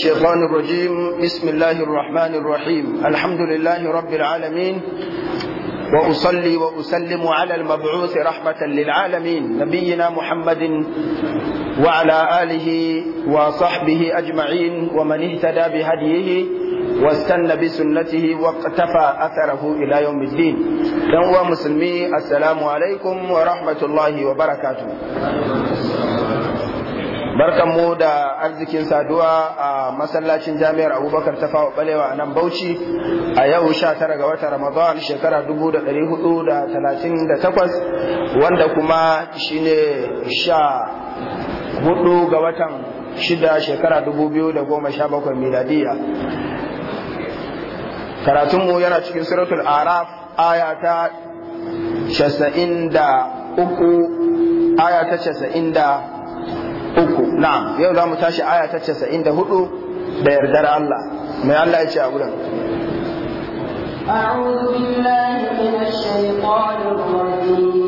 الشيطان الرجيم بسم الله الرحمن الرحيم الحمد لله رب العالمين وأصلي وأسلم على المبعوث رحمة للعالمين نبينا محمد وعلى آله وصحبه أجمعين ومن اهتدى بهديه واستنى بسنته واقتفى أثره إلى يوم الدين يوم مسلمي السلام عليكم ورحمة الله وبركاته barkanmu da arzikin saduwa a masallacin jami'ar abubakar ta fawo balewa a nan bauchi a yau sha tara ga wata ramadan shekara dubu da hudu da talatin da takwas wanda kuma shine sha hudu ga watan shida shekara dubu biyu da goma sha bakwai miladiya karatunmu yana cikin suratul araf aya ta casa'in aya ta casa'in da uku na'am yau za mu tashi aya ta 94 da da yardar Allah mai Allah ya ce a wurin. أعوذ بالله من الشيطان الرجيم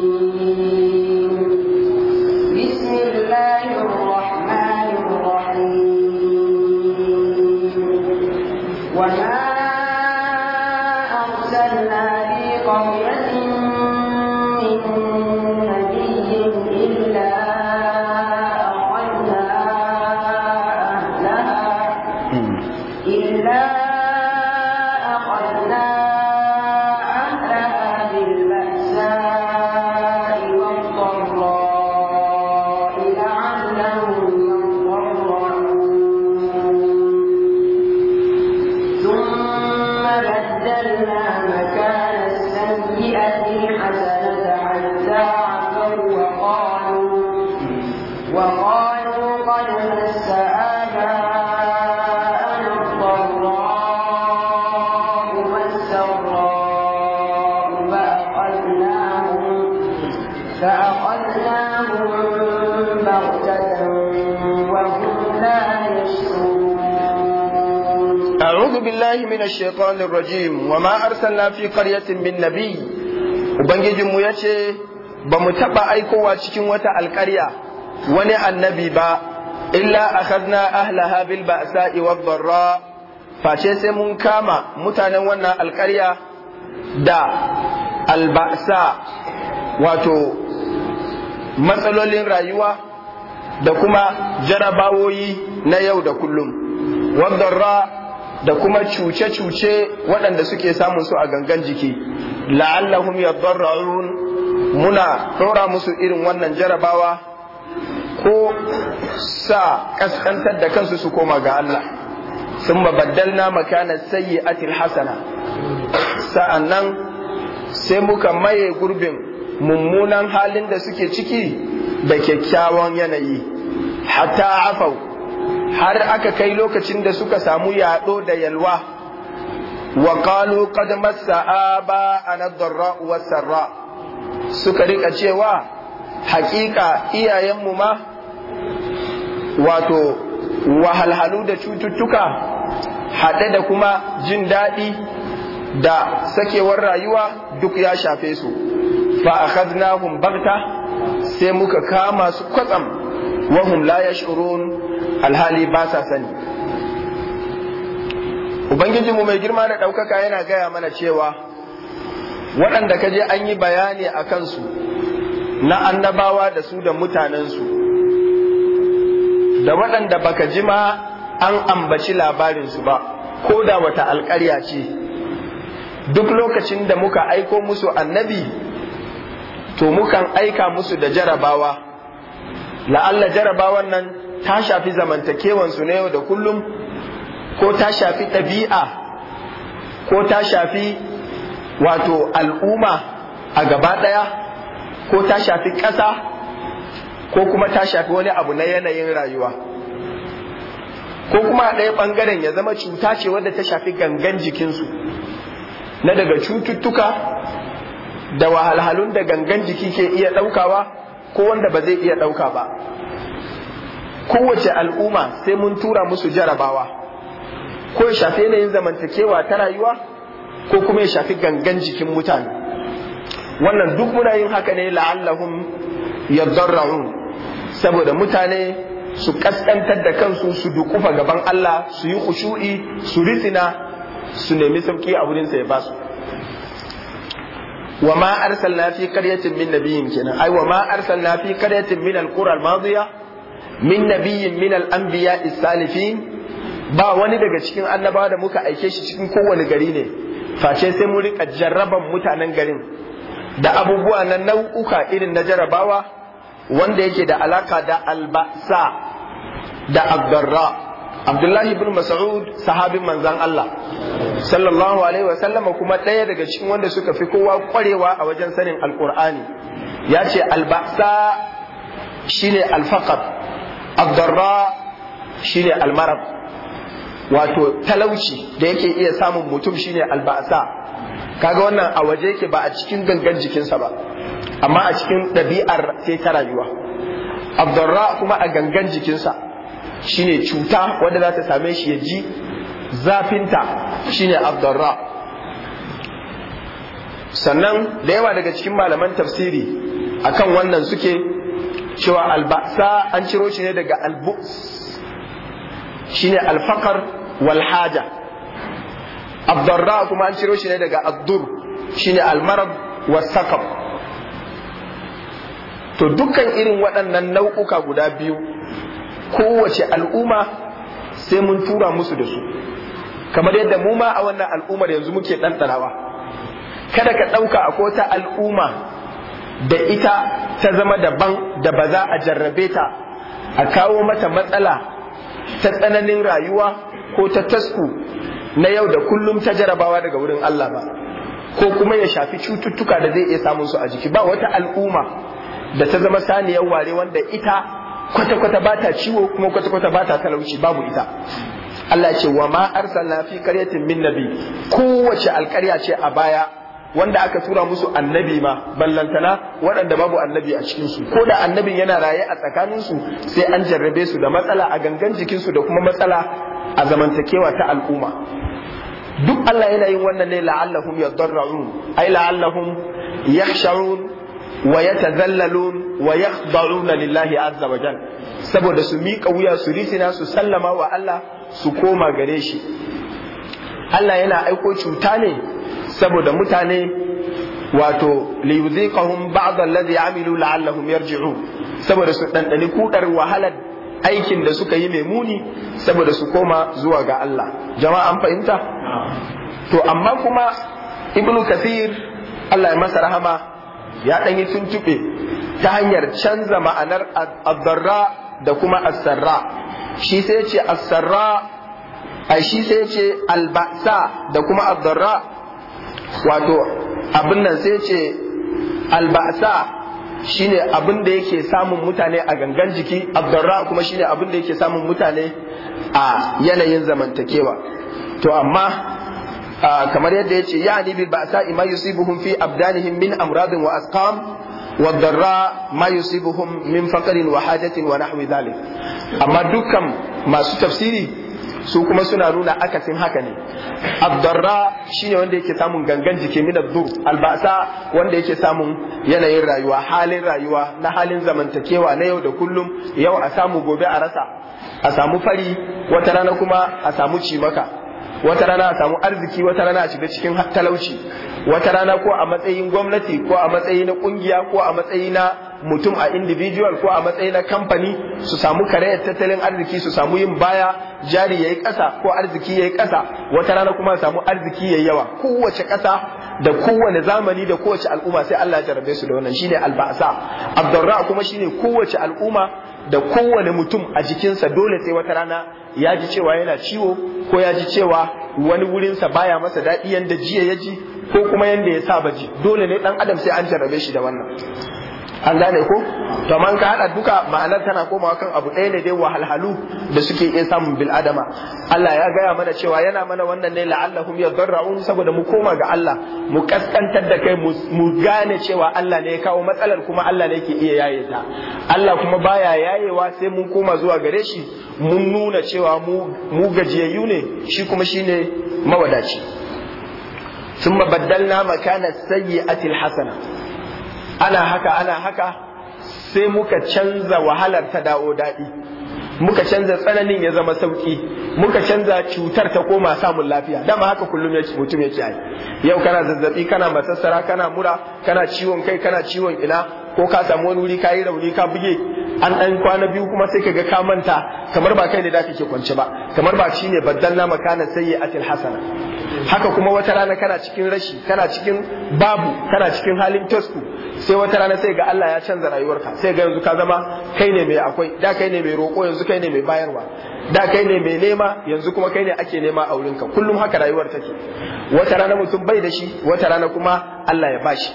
من الشيطان الرجيم وما أرسلنا في قرية من نبي وبنجي ميتي بمتبع أيكوا تشكين وتا القرية ونع النبي با إلا أخذنا أهلها بالبأساء والضراء فشيسي من كاما متنونا القرية دا البأساء واتو matsalolin rayuwa da kuma jarabawoyi na yau da kullum wadda da kuma cuce-cuce waɗanda suke samun su a gangan jiki la'allahum yadarra'un muna ɗora musu irin wannan jarabawa ko sa kaskantar da kansu su koma ga Allah sun baddalna makana sayyi'atil hasana sa'annan sai muka maye gurbin mummunan halin da suke ciki da kyakkyawan yanayi hatta afau har aka kai lokacin da suka samu yaɗo da yalwa wa qalu qad massa aba anadra wa sarra suka rika cewa hakika iyayenmu ma wato wahalhalu da cututtuka haɗe da kuma jin daɗi da sakewar rayuwa duk ya shafe su fa akhadnahum bagta sai muka kama su kwatsam wahum la yash'urun alhali ba sa sani Ubangiji mu mai girma da ɗaukaka yana gaya mana cewa waɗanda ka je an yi bayani a kansu na annabawa da su da mutanensu da waɗanda baka jima an ambaci labarinsu ba ko da wata alƙarya ce duk lokacin da muka aiko musu annabi to mukan aika musu da jarabawa la'alla jarabawan nan ta shafi zamantakewansu na yau da kullum ko ta shafi ɗabi'a ko ta shafi wato al'umma a gaba ɗaya ko ta shafi ƙasa ko kuma ta shafi wani abu na yanayin rayuwa ko kuma a ɗaya ɓangaren ya zama cuta ce wadda ta shafi gangan jikinsu na daga cututtuka da wahalhalun da gangan jiki ke iya ɗaukawa ko wanda ba zai iya ɗauka ba kowace al'umma sai mun tura musu jarabawa ko ya shafi yanayin zamantakewa ta rayuwa ko kuma ya shafi gangan jikin mutane wannan duk muna yin haka ne la'allahum yadarra'un saboda mutane su kaskantar da kansu su dukufa gaban Allah su yi khushu'i su ritsina su nemi sauki a wurin sa ya basu wa ma arsalna fi qaryatin min nabiyyin kenan ai wa ma arsalna fi qaryatin min alqura almadiya min nabiyin min al'ambiya salifin ba wani daga cikin annabawa da muka aike shi cikin kowane gari ne face sai mu rika jarraban mutanen garin da abubuwa na nau'uka irin na jarrabawa wanda yake da alaka da albasa da abdarra abdullahi bin mas'ud sahabin manzan Allah sallallahu alaihi wa sallama kuma ɗaya daga cikin wanda suka fi kowa kwarewa a wajen sanin alƙur'ani ya ce albasa shine alfaqar abdurra shine almarab wato talauci da yake iya samun mutum shine alba'sa kaga wannan a waje yake ba a cikin gangan jikinsa ba amma a cikin ɗabi'ar sai ta rayuwa abdurra kuma a gangan jikinsa shine cuta wanda za ta same shi ya ji zafinta shine abdarra sannan da yawa daga cikin malaman tafsiri akan wannan suke cewa albasa an ciro shi ne daga albus shine alfakar walhaja abdurra kuma an ciro shi ne daga addur shine almarab wasakab to dukkan irin waɗannan nau'uka guda biyu kowace al'umma sai mun tura musu da su kamar yadda mu ma a wannan al'ummar yanzu muke ɗanɗanawa kada ka ɗauka a kota al'umma da ita ta zama daban da ba za a jarrabe ta a kawo mata matsala ta tsananin rayuwa ko ta tasku na yau da kullum ta jarabawa daga wurin Allah ba ko kuma ya shafi cututtuka da zai iya samun su a jiki ba wata al'umma da ta zama saniyar ware wanda ita kwata-kwata ba ta ciwo kuma kwata-kwata ba ta talauci babu ita Allah ce wa ma arsalna fi qaryatin min nabi kowace alƙarya ce a baya wanda aka tura musu annabi ma ballantana waɗanda babu annabi a cikinsu. su ko da annabin yana raye a tsakanin su sai an jarrabe su da matsala a gangan jikinsu da kuma matsala a zamantakewa ta al'umma duk Allah yana yin wannan ne la'allahum yadarra'un ai la'allahum yahsharun wa yatazallalun wa yakhda'una lillahi azza wa saboda su miƙa wuya su risina su sallama wa Allah su koma gare shi Allah yana aiko cuta ne saboda mutane wato liyuziqahum ba'd alladhi amilu la'allahum yarji'u saboda su dandani kudar wahalar aikin da suka yi mai muni saboda su koma zuwa ga Allah jama'a an fahimta to amma kuma ibnu kasir Allah ya masa rahama ya ɗan yi tuntuɓe ta hanyar canza ma'anar ad da kuma as shi sai ce as a shi sai ce albasa da kuma ad wato abin nan sai ce albasa shine abin da yake samun mutane a gangan jiki abdarra kuma shine abin da yake samun mutane a yanayin zamantakewa to amma kamar yadda ya ce ya ni bil ba'sa ma yusibuhum fi abdanihim min amradin wa asqam wa darra ma yusibuhum min faqrin wa hajatin wa nahwi dhalik amma dukkan masu tafsiri su kuma suna nuna akasin haka ne abdarra shine wanda yake samun gangan jiki min adur albasa wanda yake samun yanayin rayuwa halin rayuwa na halin zamantakewa na yau da kullum yau a samu gobe a rasa a samu fari wata rana kuma a samu cimaka wata rana a samu arziki wata rana a shiga cikin talauci wata rana ko a matsayin gwamnati ko a matsayi na kungiya ko a matsayi na mutum a individual ko a matsayi na kamfani su samu karayar tattalin arziki su samu yin baya jari ya yi ƙasa ko arziki ya yi ƙasa wata rana kuma samu arziki yi yawa kowace ƙasa da kowane zamani da kowace al'umma sai Allah ya jarabe su da wannan shine alba'sa abdurra kuma shine kowace al'umma da kowane mutum a jikinsa dole sai wata rana ya ji cewa yana ciwo ko ya ji cewa wani wurinsa baya masa daɗi yanda jiya ya ji ko kuma yanda ya saba ji dole ne ɗan adam sai an jarrabe shi da wannan an gane ko to man ka hada duka ma'anar tana komawa kan abu ɗaya ne dai wahalhalu da suke iya samun bil adama Allah ya gaya mana cewa yana mana wannan ne la'allahum yadarra'un saboda mu koma ga Allah mu kaskantar da kai mu gane cewa Allah ne ya kawo matsalar kuma Allah ne yake iya yaye ta Allah kuma baya yayewa sai mun koma zuwa gare shi mun nuna cewa mu mu gajiyayyu ne shi kuma shine mawadaci ثم بدلنا مكان السيئة الحسنة ana haka ana haka sai muka canza wahalar ta dawo daɗi muka canza tsananin ya zama sauki muka canza cutar ta koma samun lafiya dama haka kullum mutum yake yi yau kana zazzabi kana masassara kana mura kana ciwon kai kana ciwon ina ko ka samu wani wuri ka yi rauni ka buge an ɗan kwana biyu kuma sai ka ka manta kamar ba kai ne da kake kwance ba kamar ba shine sai makana sayyi'atil hasana haka kuma wata rana kana cikin rashi kana cikin babu kana cikin halin tasku sai wata rana sai ga Allah ya canza rayuwarka sai ga yanzu ka zama kai ne mai akwai da kai ne mai roƙo yanzu kai ne mai bayarwa da kai ne mai nema yanzu kuma kai ne ake nema a wurinka kullum haka rayuwar take wata rana mutum bai da shi wata rana kuma Allah ya bashi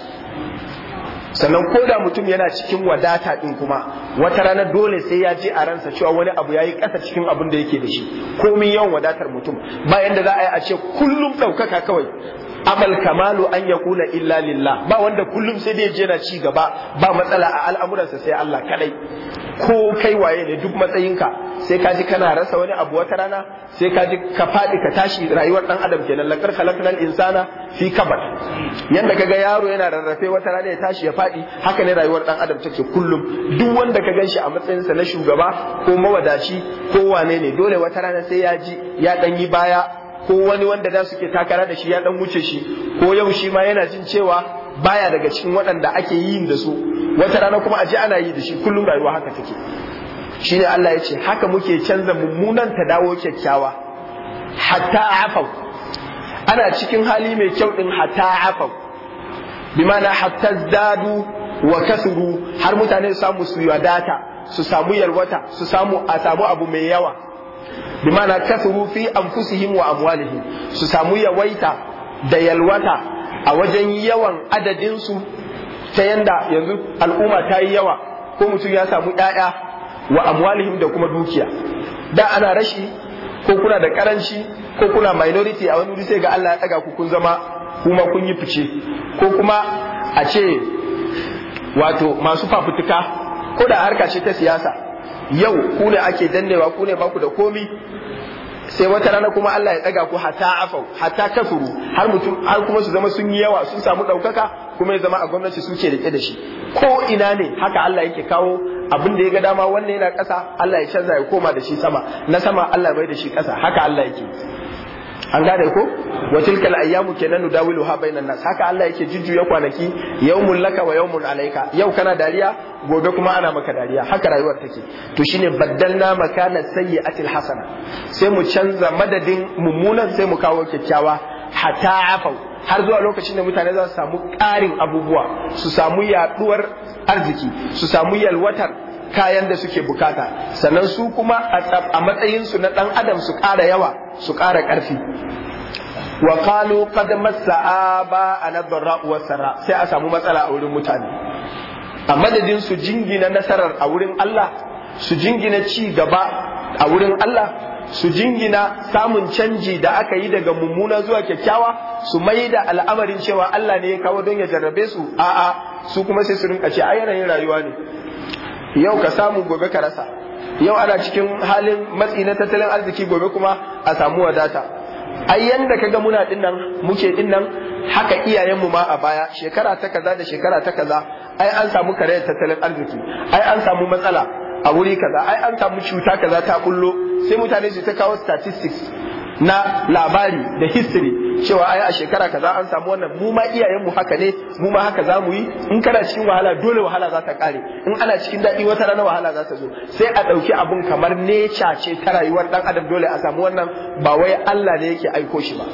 sannan ko da mutum yana cikin wadata din kuma wata rana dole sai ya ji a ransa cewa wani abu yayi ƙasa cikin abin da yake da shi komai yawan wadatar mutum bayan da za a yi a ce kullum ɗaukaka kawai amal kamalu an yakuna illa lillah ba wanda kullum sai dai yana ci gaba ba matsala a al'amuransa sai Allah kadai ko kai waye ne duk matsayinka sai ka ji kana rasa wani abu wata rana sai ka ji ka faɗi ka tashi rayuwar ɗan adam kenan lakar khalaqnal insana fi kabad yanda kaga yaro yana rarrafe wata rana ya tashi ya faɗi haka ne rayuwar ɗan adam take kullum duk wanda ka ganshi a matsayinsa na shugaba ko mawadaci ko wane ne dole wata rana sai ya ji ya ɗan yi baya ko wani wanda da suke takara da shi ya dan wuce shi ko yau shi ma yana jin cewa baya daga cikin waɗanda ake yin da su wata rana kuma a ji ana yi da shi kullum rayuwa haka take shine Allah ya ce haka muke canza mummunan ta dawo kyakkyawa hatta afaw ana cikin hali mai kyau din hatta afau bimana hatta zadu wa kasuru har mutane su samu su wadata su samu yalwata su samu a samu abu mai yawa bi ma'ana kasuru fi anfusihim wa amwalihim su samu yawaita da yalwata a wajen yawan adadin su ta yanda yanzu al'umma ta yi yawa ko mutum ya samu ƴaƴa wa amwalihim da kuma dukiya da ana rashi ko kuna da karanci ko kuna minority a wani wuri sai ga Allah ya daga ku kun zama kuma kun yi fice ko kuma a ce wato masu fafutuka ko da harka ce ta siyasa yau ku ne ake dannewa ku ne ba ku da komi sai wata rana kuma Allah ya tsaga ku hatta afau hatta kafuru har mutum har kuma su zama sun yi yawa sun samu ɗaukaka kuma ya zama a gwamnati su ke rike da shi ko ina ne haka Allah yake kawo abin da ya ga dama wannan yana ƙasa Allah ya canza ya koma da shi sama na sama Allah bai da shi ƙasa haka Allah yake an gane ko wa tilkal ayyamu kenan nudawilu ha bainan nas haka Allah yake jujjuya kwanaki yawmul laka wa yawmul alayka yau kana dariya gobe kuma ana maka dariya haka rayuwar take to shine baddalna makana sayyi'atil hasana sai mu canza madadin mummunan sai mu kawo kyakkyawa hatta afau har zuwa lokacin da mutane za su samu ƙarin abubuwa su samu yaduwar arziki su samu yalwatar kayan da suke bukata sannan su kuma a matsayinsu na ɗan adam su ƙara yawa su ƙara ƙarfi wa qalu qad massa aba anadra wa sara sai a samu matsala a wurin mutane a madadin su jingina nasarar a wurin Allah su jingina ci gaba a wurin Allah su jingina samun canji da aka yi daga mummuna zuwa kyakkyawa su mai da al'amarin cewa Allah ne ya kawo don ya jarrabe su a'a su kuma sai su rinka ce ai yanayin rayuwa ne yau ka samu gobe ka rasa yau ana cikin halin matsi na tattalin arziki gobe kuma a samu wadata ai yanda ga muna dinnan muke dinnan haka iyayenmu ma a baya shekara ta kaza da shekara ta kaza ai an samu karayar tattalin arziki ai an samu matsala a wuri kaza ai an samu cuta kaza ta kullo sai mutane su ta kawo statistics na labari da history cewa ai a shekara kaza an samu wannan mu ma iyayenmu haka ne mu ma haka zamu yi in kana cikin wahala dole wahala za ta kare in ana cikin daɗi wata rana wahala za ta zo sai a ɗauki abun kamar neca ce ta rayuwar ɗan adam dole a samu wannan ba wai Allah ne yake aiko shi ba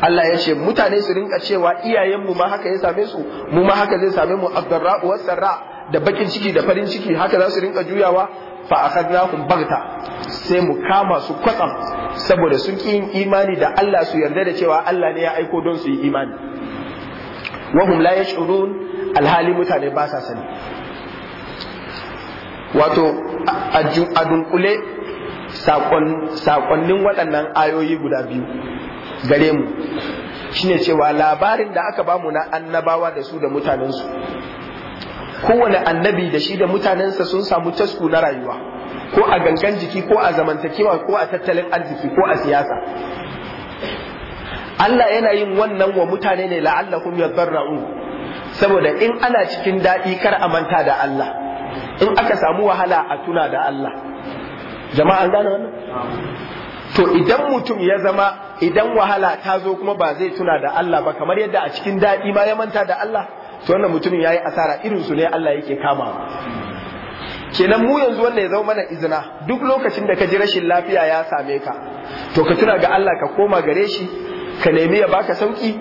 Allah ya ce mutane su rinka cewa iyayenmu ma haka ya same su mu ma haka zai same mu uwar wasarra da bakin ciki da farin ciki haka za su rinka juyawa fa akhadnahum bagta sai mu kama su kwatsam saboda sun ki yin imani da Allah su yarda da cewa Allah ne ya aiko don su yi imani wahum la yash'urun alhali mutane ba sa sani wato a dunkule sakonnin waɗannan ayoyi guda biyu gare mu shine cewa labarin da aka bamu na annabawa da su da mutanensu kowane annabi da shi da mutanensa sun samu tasku na rayuwa ko a gangan jiki ko a zamantakewa ko a tattalin arziki ko a siyasa Allah yana yin wannan wa mutane ne la'allahum yadarra'un saboda in ana cikin daɗi kar a manta da Allah in aka samu wahala a tuna da Allah jama'a an gane wannan to idan mutum ya zama idan wahala ta zo kuma ba zai tuna da Allah ba kamar yadda a cikin daɗi ma ya manta da Allah to wannan mutumin yi asara irin su ne Allah yake kama kenan mu yanzu wanda ya zama mana izina duk lokacin da ka ji rashin lafiya ya same ka to ka tuna ga Allah ka koma gare shi ka nemi ya baka sauki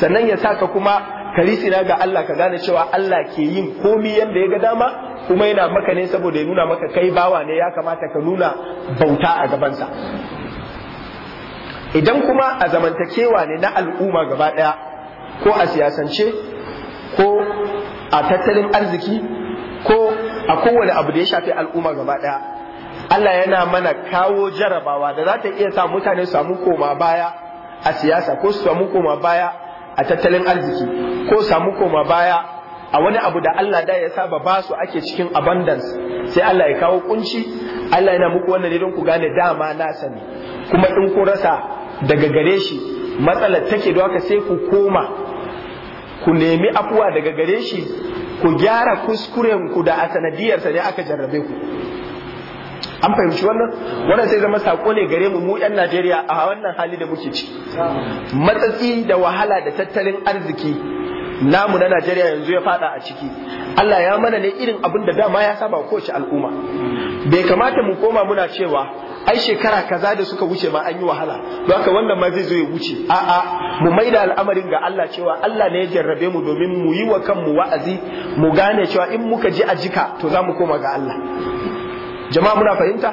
sannan ya saka kuma ka risina ga Allah ka gane cewa Allah ke yin komi yadda ya ga dama kuma yana maka ne saboda ya nuna maka kai bawa ne ya kamata ka nuna bauta a gabansa idan kuma a zamantakewa ne na al'umma gaba ɗaya ko a siyasance ko a tattalin arziki ko a kowane abu da ya shafi al'umma gaba ɗaya Allah yana mana kawo jarabawa da za ta iya sa mutane su samu koma baya a siyasa ko su samu koma baya a tattalin arziki ko samu koma baya a wani abu da Allah da ya saba ba su ake cikin abundance sai Allah ya kawo kunci Allah yana muku wannan ne don ku gane dama na sani kuma in ku rasa daga gare shi matsalar take don haka sai ku koma ku nemi afuwa daga gare shi ku gyara kuskuren ku da a sanadiyarsa ne aka jarrabe ku an fahimci wannan wannan sai zama sako ne gare mu mu yan Najeriya a wannan hali da muke ci. matsatsi da wahala da tattalin arziki namu na Najeriya yanzu ya fada a ciki Allah ya mana ne irin abin da dama ya saba kowace al'umma bai kamata mu koma muna cewa ai shekara kaza da suka wuce ma an yi wahala don haka wannan ma zai zo ya wuce a'a mu maida al'amarin ga Allah cewa Allah ne ya jarrabe mu domin mu yi wa kanmu wa'azi mu gane cewa in muka ji a jika to za mu koma ga Allah jama'a muna fahimta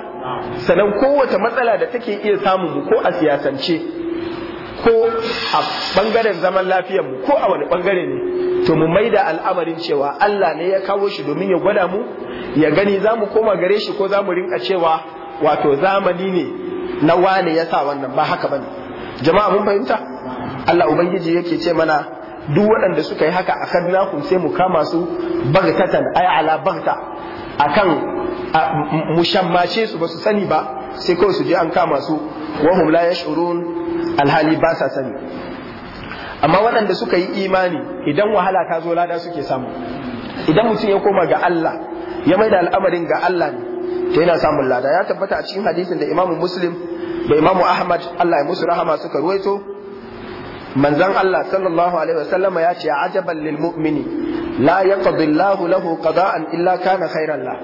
sanan kowace matsala da take iya samun mu ko a siyasance ko a bangaren zaman lafiyar mu ko a wani bangare ne to mu mai da al'amarin cewa Allah ne ya kawo shi domin ya gwada mu ya gani za mu koma gare shi ko za mu rinka cewa wato zamani ne na wane ya sa wannan ba haka bane jama'a mun fahimta Allah ubangiji yake ce mana duk waɗanda suka yi haka akadnakum sai mu kama su bagtatan ay ala bagta akan shammace su ba su sani ba sai kawai su je an kama su wahum la yash'urun alhali ba sa sani amma waɗanda suka yi imani idan wahala ta zo lada suke samu idan mutum ya koma ga Allah ya maida al'amarin ga Allah ne to yana samun lada ya tabbata a cikin hadisin da Imam Muslim da Imam Ahmad Allah ya musu rahama suka ruwaito manzon Allah sallallahu alaihi wasallama ya ce ajaban lil mu'mini la yaqdi Allahu lahu qada'an illa kana khairan la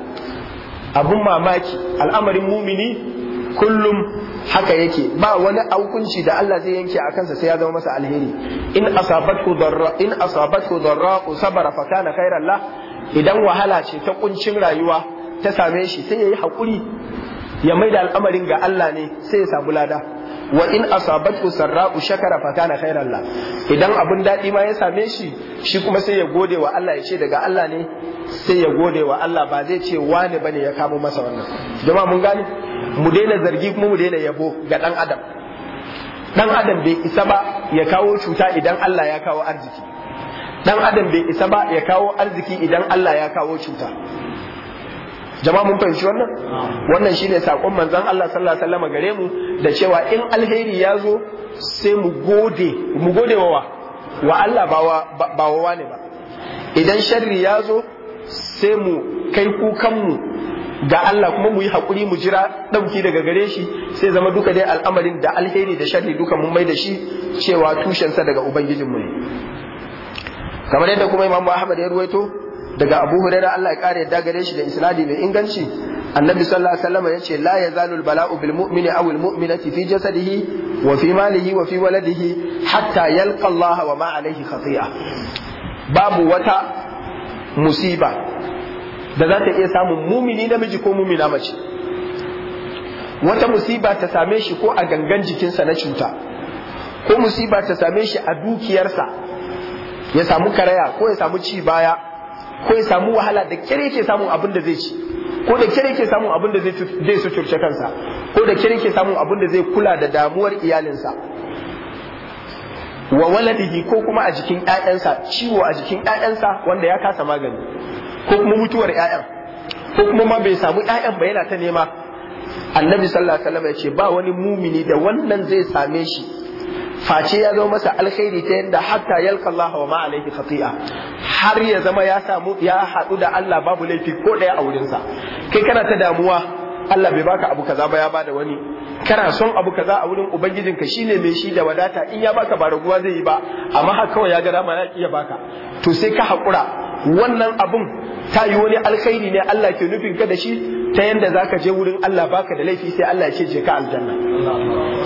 abun mamaki al'amarin mumini kullum haka yake ba wani aukunci da Allah zai yanke a kansa sai ya zama masa alheri in asabatu darra in asabatu darra sabara fa kana khairan la idan wahala ce ta kuncin rayuwa ta same shi sai yayi hakuri ya maida al'amarin ga Allah ne sai ya samu lada wa in asabatu sarra shakara fa kana khairan la idan abun dadi ma ya same shi shi kuma sai ya gode wa Allah ya ce daga Allah ne sai ya gode wa Allah ba zai ce wani bane ya kamo masa wannan jama'a mun gani mu daina zargi kuma mu daina yabo ga dan adam dan adam bai isa ba ya kawo cuta idan Allah ya kawo arziki dan adam bai isa ba ya kawo arziki idan Allah ya kawo cuta jama'a mun fahimci wannan wannan shine sakon manzon Allah sallallahu alaihi wasallam gare mu da cewa in alheri ya zo sai mu gode mu gode wa wa Allah ba wa ne ba idan sharri ya zo sai mu kai kukan mu ga Allah kuma mu yi hakuri mu jira ɗauki daga gare shi sai zama duka dai al'amarin da alheri da sharri duka mun mai da shi cewa tushensa daga ubangijinmu ne kamar yadda kuma imam ahmad ya ruwaito daga abu hurairah Allah ya ƙara yadda gare shi da isnadi mai inganci annabi sallallahu alaihi wasallam yace la yazalu albala'u bil mu'mini aw al mu'minati fi jasadihi wa fi malihi wa fi waladihi hatta yalqa Allah wa ma alayhi khati'a babu wata musiba da za ta iya samun mumini namiji ko mumina mace wata musiba ta same shi ko a gangan jikinsa na cuta ko musiba ta same shi a dukiyarsa ya samu karaya ko ya samu ci baya ko ya samu wahala da kire yake samun abin da zai ci ko da kire yake samun abin da zai suturce kansa ko da kire yake samun abin da zai kula da damuwar iyalinsa wa waladihi ko kuma a jikin ƴaƴansa ciwo a jikin ƴaƴansa wanda ya kasa magani ko kuma mutuwar ƴaƴan ko kuma ma bai samu ƴaƴan ba yana ta nema annabi sallallahu alaihi wasallam ya ce ba wani mumini da wannan zai same shi face ya zama masa alkhairi ta yadda hatta yalka Allah wa ma alaihi khati'a har ya zama ya samu ya haɗu da Allah babu laifi ko ɗaya a wurinsa kai kana ta damuwa Allah bai baka abu kaza ba ya bada wani kana son abu kaza a wurin ubangijinka shine mai shi da wadata in ya baka ba raguwa zai yi ba amma haka kawai ya ga dama ya iya baka to sai ka hakura wannan abun ta yi wani alkhairi ne Allah ke nufin ka da shi ta yanda zaka je wurin Allah baka da laifi sai Allah ya ce je ka aljanna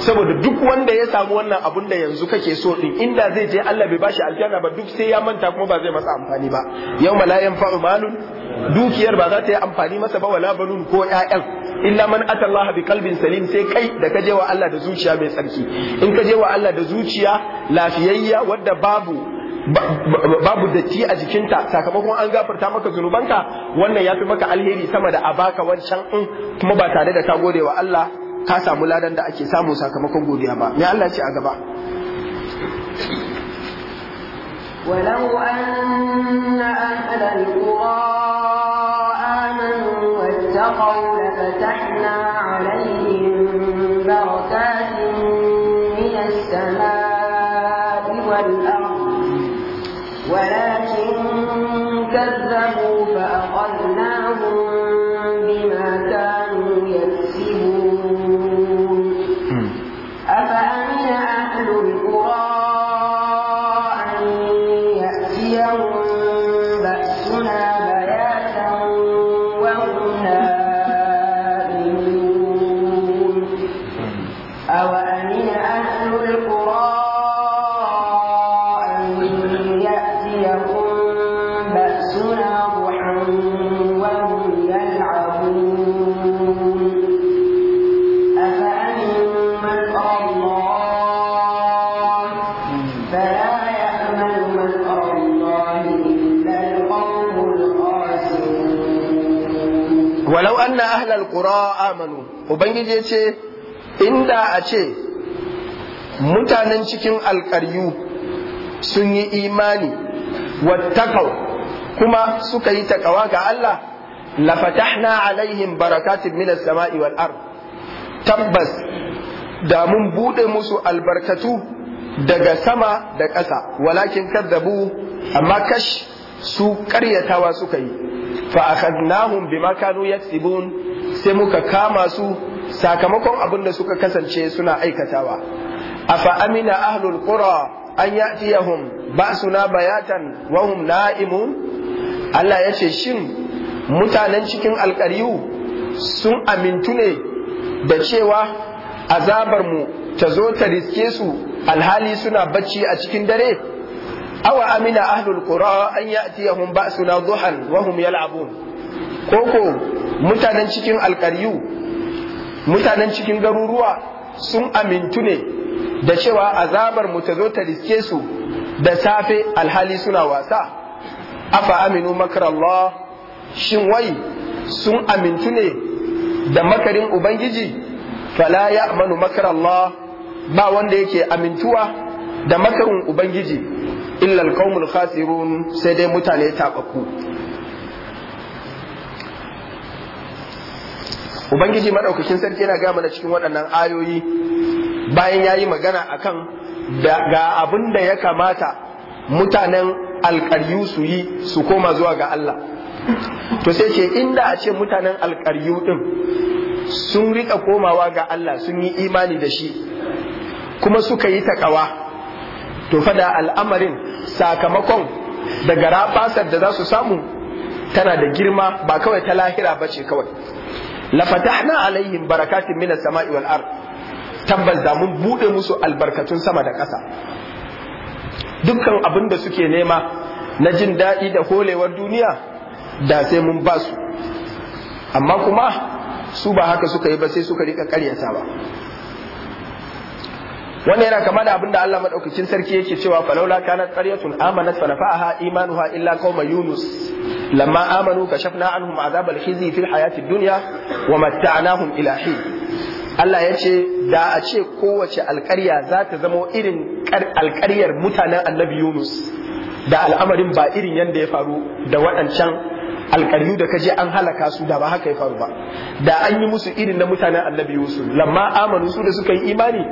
saboda duk wanda ya samu wannan abun da yanzu kake so din inda zai je Allah bai bashi aljanna ba duk sai ya manta kuma ba zai masa amfani ba yau la yanfa'u malun dukiyar ba za ta yi amfani masa ba wala banun ko ƴaƴan illa man ata Allah bi qalbin salim sai kai da ka je wa Allah da zuciya mai tsarki in ka je wa Allah da zuciya lafiyayya wadda babu babu datti a jikinta sakamakon an gafarta maka zunubanka wannan ya fi maka alheri sama da abaka baka wancan in kuma ba tare da ka gode wa Allah ka samu ladan da ake samu sakamakon godiya ba me Allah ce a gaba ولو أن أهل القرى اتقوا لفتحنا ubangiji ya ce inda a ce mutanen cikin alkaryu sun yi imani wattakau kuma suka yi takawa ga Allah lafatahna alaihim barakatun minas sama'i wal ard tabbas da mun bude musu albarkatu daga sama da ƙasa walakin kaddabu amma kash su ƙaryatawa suka yi fa akhadnahum bima kanu yaksibun sai muka kama su sakamakon abin da suka kasance suna aikatawa a amina ahlul qura an ya ba suna bayatan wahum na'imun Allah ya ce shin mutanen cikin alƙariyu sun amintu ne da cewa azabar mu ta zo ta riske su alhali suna bacci a cikin dare awa amina ahlul qura an ya'tiyahum ba'suna duhan wa hum yal'abun koko mutanen cikin alkaryu mutanen cikin garuruwa sun amintu ne da cewa azabar mu ta zo ta riske su da safe alhali suna wasa afa aminu makarallah shin wai sun amintu ne da makarin ubangiji fala ya amanu makarallah ba wanda yake amintuwa da makarin ubangiji illal qaumul khasirun sai dai mutane taɓaku ubangiji madaukakin sarki yana gaya mana cikin waɗannan ayoyi bayan ya yi magana akan ga abin da ya kamata mutanen alƙaryu su yi su koma zuwa ga Allah to sai ce inda a ce mutanen alƙaryu ɗin sun riƙa komawa ga Allah sun yi imani da shi kuma suka yi takawa to fada al'amarin sakamakon da garafasar da za su samu tana da girma ba kawai ta lahira ba ce kawai la fatahna alaihim barakatin minas sama'i wal ard tabbas da mun bude musu albarkatun sama da ƙasa dukkan abin da suke nema na jin daɗi da holewar duniya da sai mun ba su amma kuma su ba haka suka yi ba sai suka rika ƙaryata ba wannan yana kama da abinda Allah madaukakin sarki yake cewa falaula kanat qaryatun amanat fa ha imanuha illa qauma yunus lamma amanu kashafna anhum azabal khizi fil hayatid dunya wa matta'nahum ila hin Allah ya ce da a ce kowace alƙarya za ta zamo irin alƙaryar mutanen annabi Yunus da al'amarin ba irin yadda ya faru da waɗancan alƙaryu da kaje an halaka su da ba haka ya faru ba da an yi musu irin na mutanen annabi yusuf lamma amanu su da suka yi imani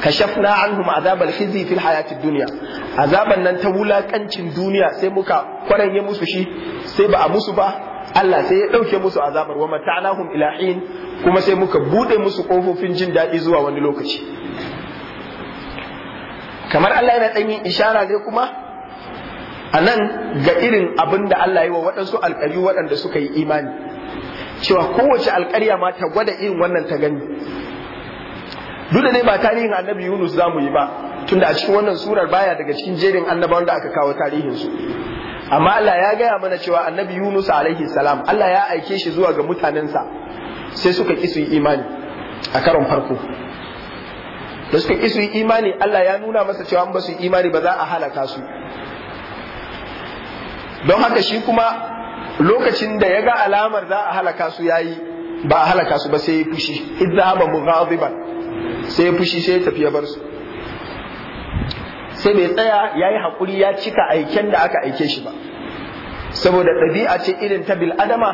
kashafna anhum azabal khizi fil hayatid dunya azaban nan ta wulakancin duniya sai muka kwaranye musu shi sai ba a musu ba Allah sai ya ɗauke musu azabar wa mata'nahum ila hin kuma sai muka bude musu kofofin jin daɗi zuwa wani lokaci kamar Allah yana ɗan yin ishara ne kuma a nan ga irin abin da Allah yi wa waɗansu alƙari waɗanda suka yi imani cewa kowace alƙarya ma ta gwada irin wannan ta gani duk da dai ba tarihin annabi Yunus za mu yi ba tunda a cikin wannan surar baya daga cikin jerin annabawan da aka kawo tarihinsu amma Allah ya gaya mana cewa annabi Yunus alaihi salam Allah ya aike shi zuwa ga mutanensa sai suka ƙi su yi imani a karon farko da suka ƙi su yi imani Allah ya nuna masa cewa ba su yi imani ba za a halaka su don haka shi kuma lokacin da ya ga alamar za a halaka su yi ba a halaka su ba sai ya fushi idhaba mughadiban sai ya fushi sai ya tafi ya bar su sai bai tsaya yayi hakuri ya cika aiken da aka aike shi ba saboda ɗabi'a ce irin ta bil adama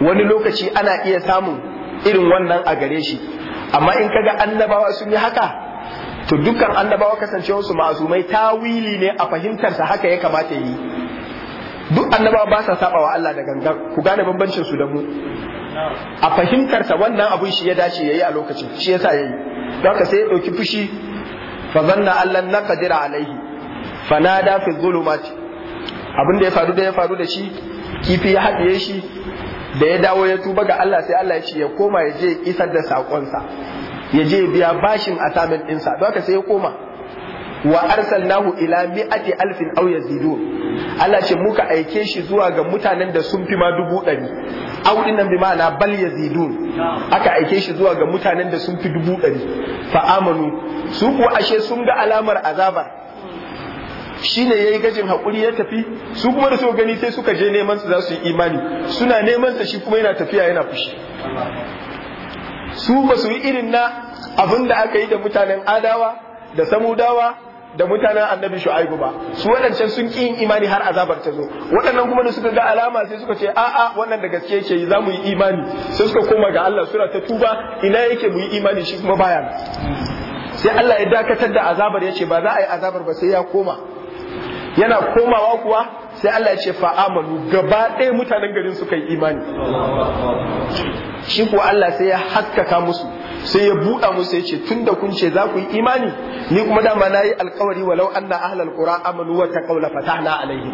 wani lokaci ana iya samun irin wannan a gare shi amma in kaga annabawa sun yi haka to dukkan annabawa kasancewarsu ma'azumai tawili ne a fahimtarsa haka ya kamata yi duk annabawa ba sa saba wa Allah da gangan ku gane bambancin su da mu a fahimtar sa wannan abun shi ya dace yayi a lokacin shi yasa yayi don ka sai ya dauki fushi fa zanna allan naqdira alaihi fanada fi zulumat abin da ya faru da ya faru da shi kifi ya haɗiye shi da ya dawo ya tuba ga Allah sai Allah ya ce ya koma ya je isar da sa ya je biya bashin assignment ɗinsa don ka sai ya koma wa arsalnahu ila mi'ati alfin aw yazidun Allah ce muka aike shi zuwa ga mutanen da sun fi ma dubu ɗari aw dinan bi ma'ana bal yazidun aka aike shi zuwa ga mutanen da sun fi dubu ɗari fa amanu su kuwa ashe sun ga alamar azabar shine yayi gajin hakuri ya tafi su kuma da suka gani sai suka je neman su za su yi imani suna neman sa shi kuma yana tafiya yana fushi su ba su yi irin na abin da aka yi da mutanen adawa da samudawa da mutanen annabi shu'aibu ba su waɗancan sun ki yin imani har azabar ta zo waɗannan kuma da suka ga alama sai suka ce a'a wannan da gaske yake za mu yi imani sai suka koma ga Allah sura ta tuba ina yake mu yi imani shi kuma baya sai Allah ya dakatar da azabar ya ce ba za a yi azabar ba sai ya koma yana komawa kuwa sai Allah ya ce fa'amalu gaba ɗaya mutanen garin suka yi imani shi ko Allah sai ya haskaka musu sai ya buɗa musu ya ce da kun ce za ku yi imani ni kuma dama na yi alkawari walau ahalar ahlal amalu wata wa fata na alaihi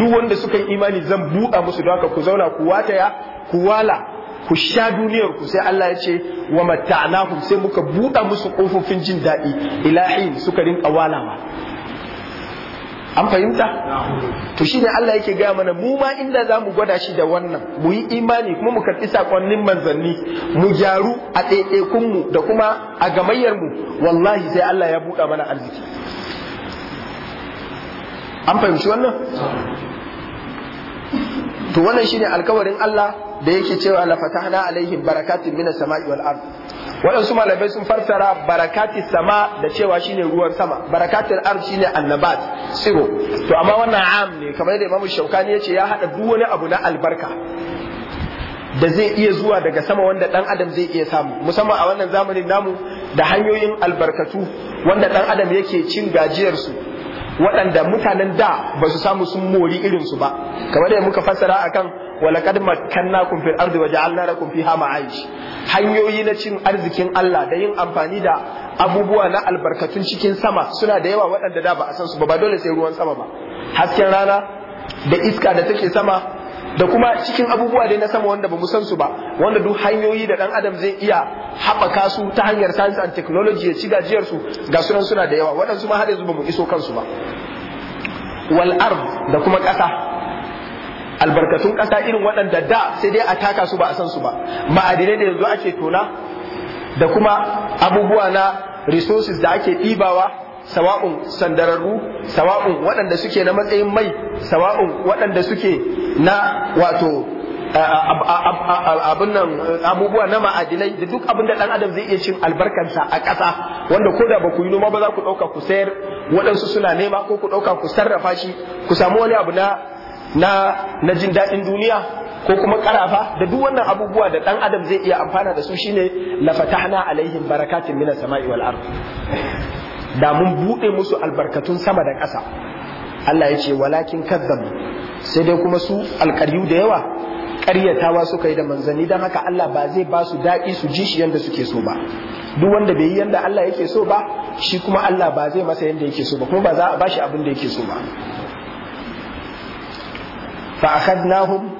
duk wanda suka yi imani zan buɗa musu don haka ku zauna ku ya ku wala ku sha duniyar ku sai Allah ya ce wa mata'nahum sai muka buɗa musu ƙofofin jin daɗi ilahin suka rinka walawa an fahimta to shi ne Allah yake gaya mana mu ma inda za mu gwada shi da wannan mu yi imani kuma mu karɓi sakonnin manzanni mu gyaru a ɗaiɗaikunmu da kuma a gamayyarmu wallahi sai Allah ya buɗa mana arziki an fahimci wannan to wannan shine alkawarin Allah da yake cewa la fatahna alaihim barakatun mina sama'i wal ardh waɗansu malamai sun fassara barakati sama da cewa shine ruwan sama barakatin ard shine annabat siro to amma wannan am ne kamar yadda imamu Shaukani yace ya haɗa duk wani abu na albarka da zai iya zuwa daga sama wanda ɗan adam zai iya samu musamman a wannan zamanin namu da hanyoyin albarkatu wanda ɗan adam yake cin gajiyar su waɗanda mutanen da ba su samu sun mori irin su ba kamar da muka fassara akan walakad laqad makkannakum fil ardi wa ja'alna lakum fiha ma'aish hanyoyi na cin arzikin Allah da yin amfani da abubuwa na albarkatun cikin sama suna da yawa waɗanda da ba a san su ba ba dole sai ruwan sama ba hasken rana da iska da take sama da kuma cikin abubuwa dai na sama wanda ba mu san su ba wanda duk hanyoyi da dan adam zai iya haɓaka su ta hanyar science and technology ya ci gajiyar su ga sunan suna da yawa waɗansu ma har yanzu ba mu iso kansu ba wal ard da kuma ƙasa albarkatun ƙasa irin waɗanda da sai dai a taka su ba a san su ba ma'adinai da yanzu ake tona da kuma abubuwa na resources da ake ɗibawa sawa'un sandararru sawa'un waɗanda suke na matsayin mai sawa'un waɗanda suke na wato abubuwa na ma'adinai da duk abin da ɗan adam zai iya cin albarkansa a ƙasa wanda ko da ba ku yi noma ba za ku ɗauka ku sayar waɗansu suna nema ko ku ɗauka ku sarrafa shi ku samu wani abu na na na jin daɗin duniya ko kuma karafa da duk wannan abubuwa da ɗan adam zai iya amfana da su shine la fatahna alaihim barakatin minas sama'i wal ard da mun bude musu albarkatun sama da ƙasa Allah ya ce walakin kadzab sai dai kuma su alƙaryu da yawa ƙaryatawa suka yi da manzani dan haka Allah ba zai ba su daɗi su ji shi yadda suke so ba duk wanda bai yi yadda Allah yake so ba shi kuma Allah ba zai masa yadda yake so ba kuma ba za a bashi shi abin da yake so ba fa akhadnahum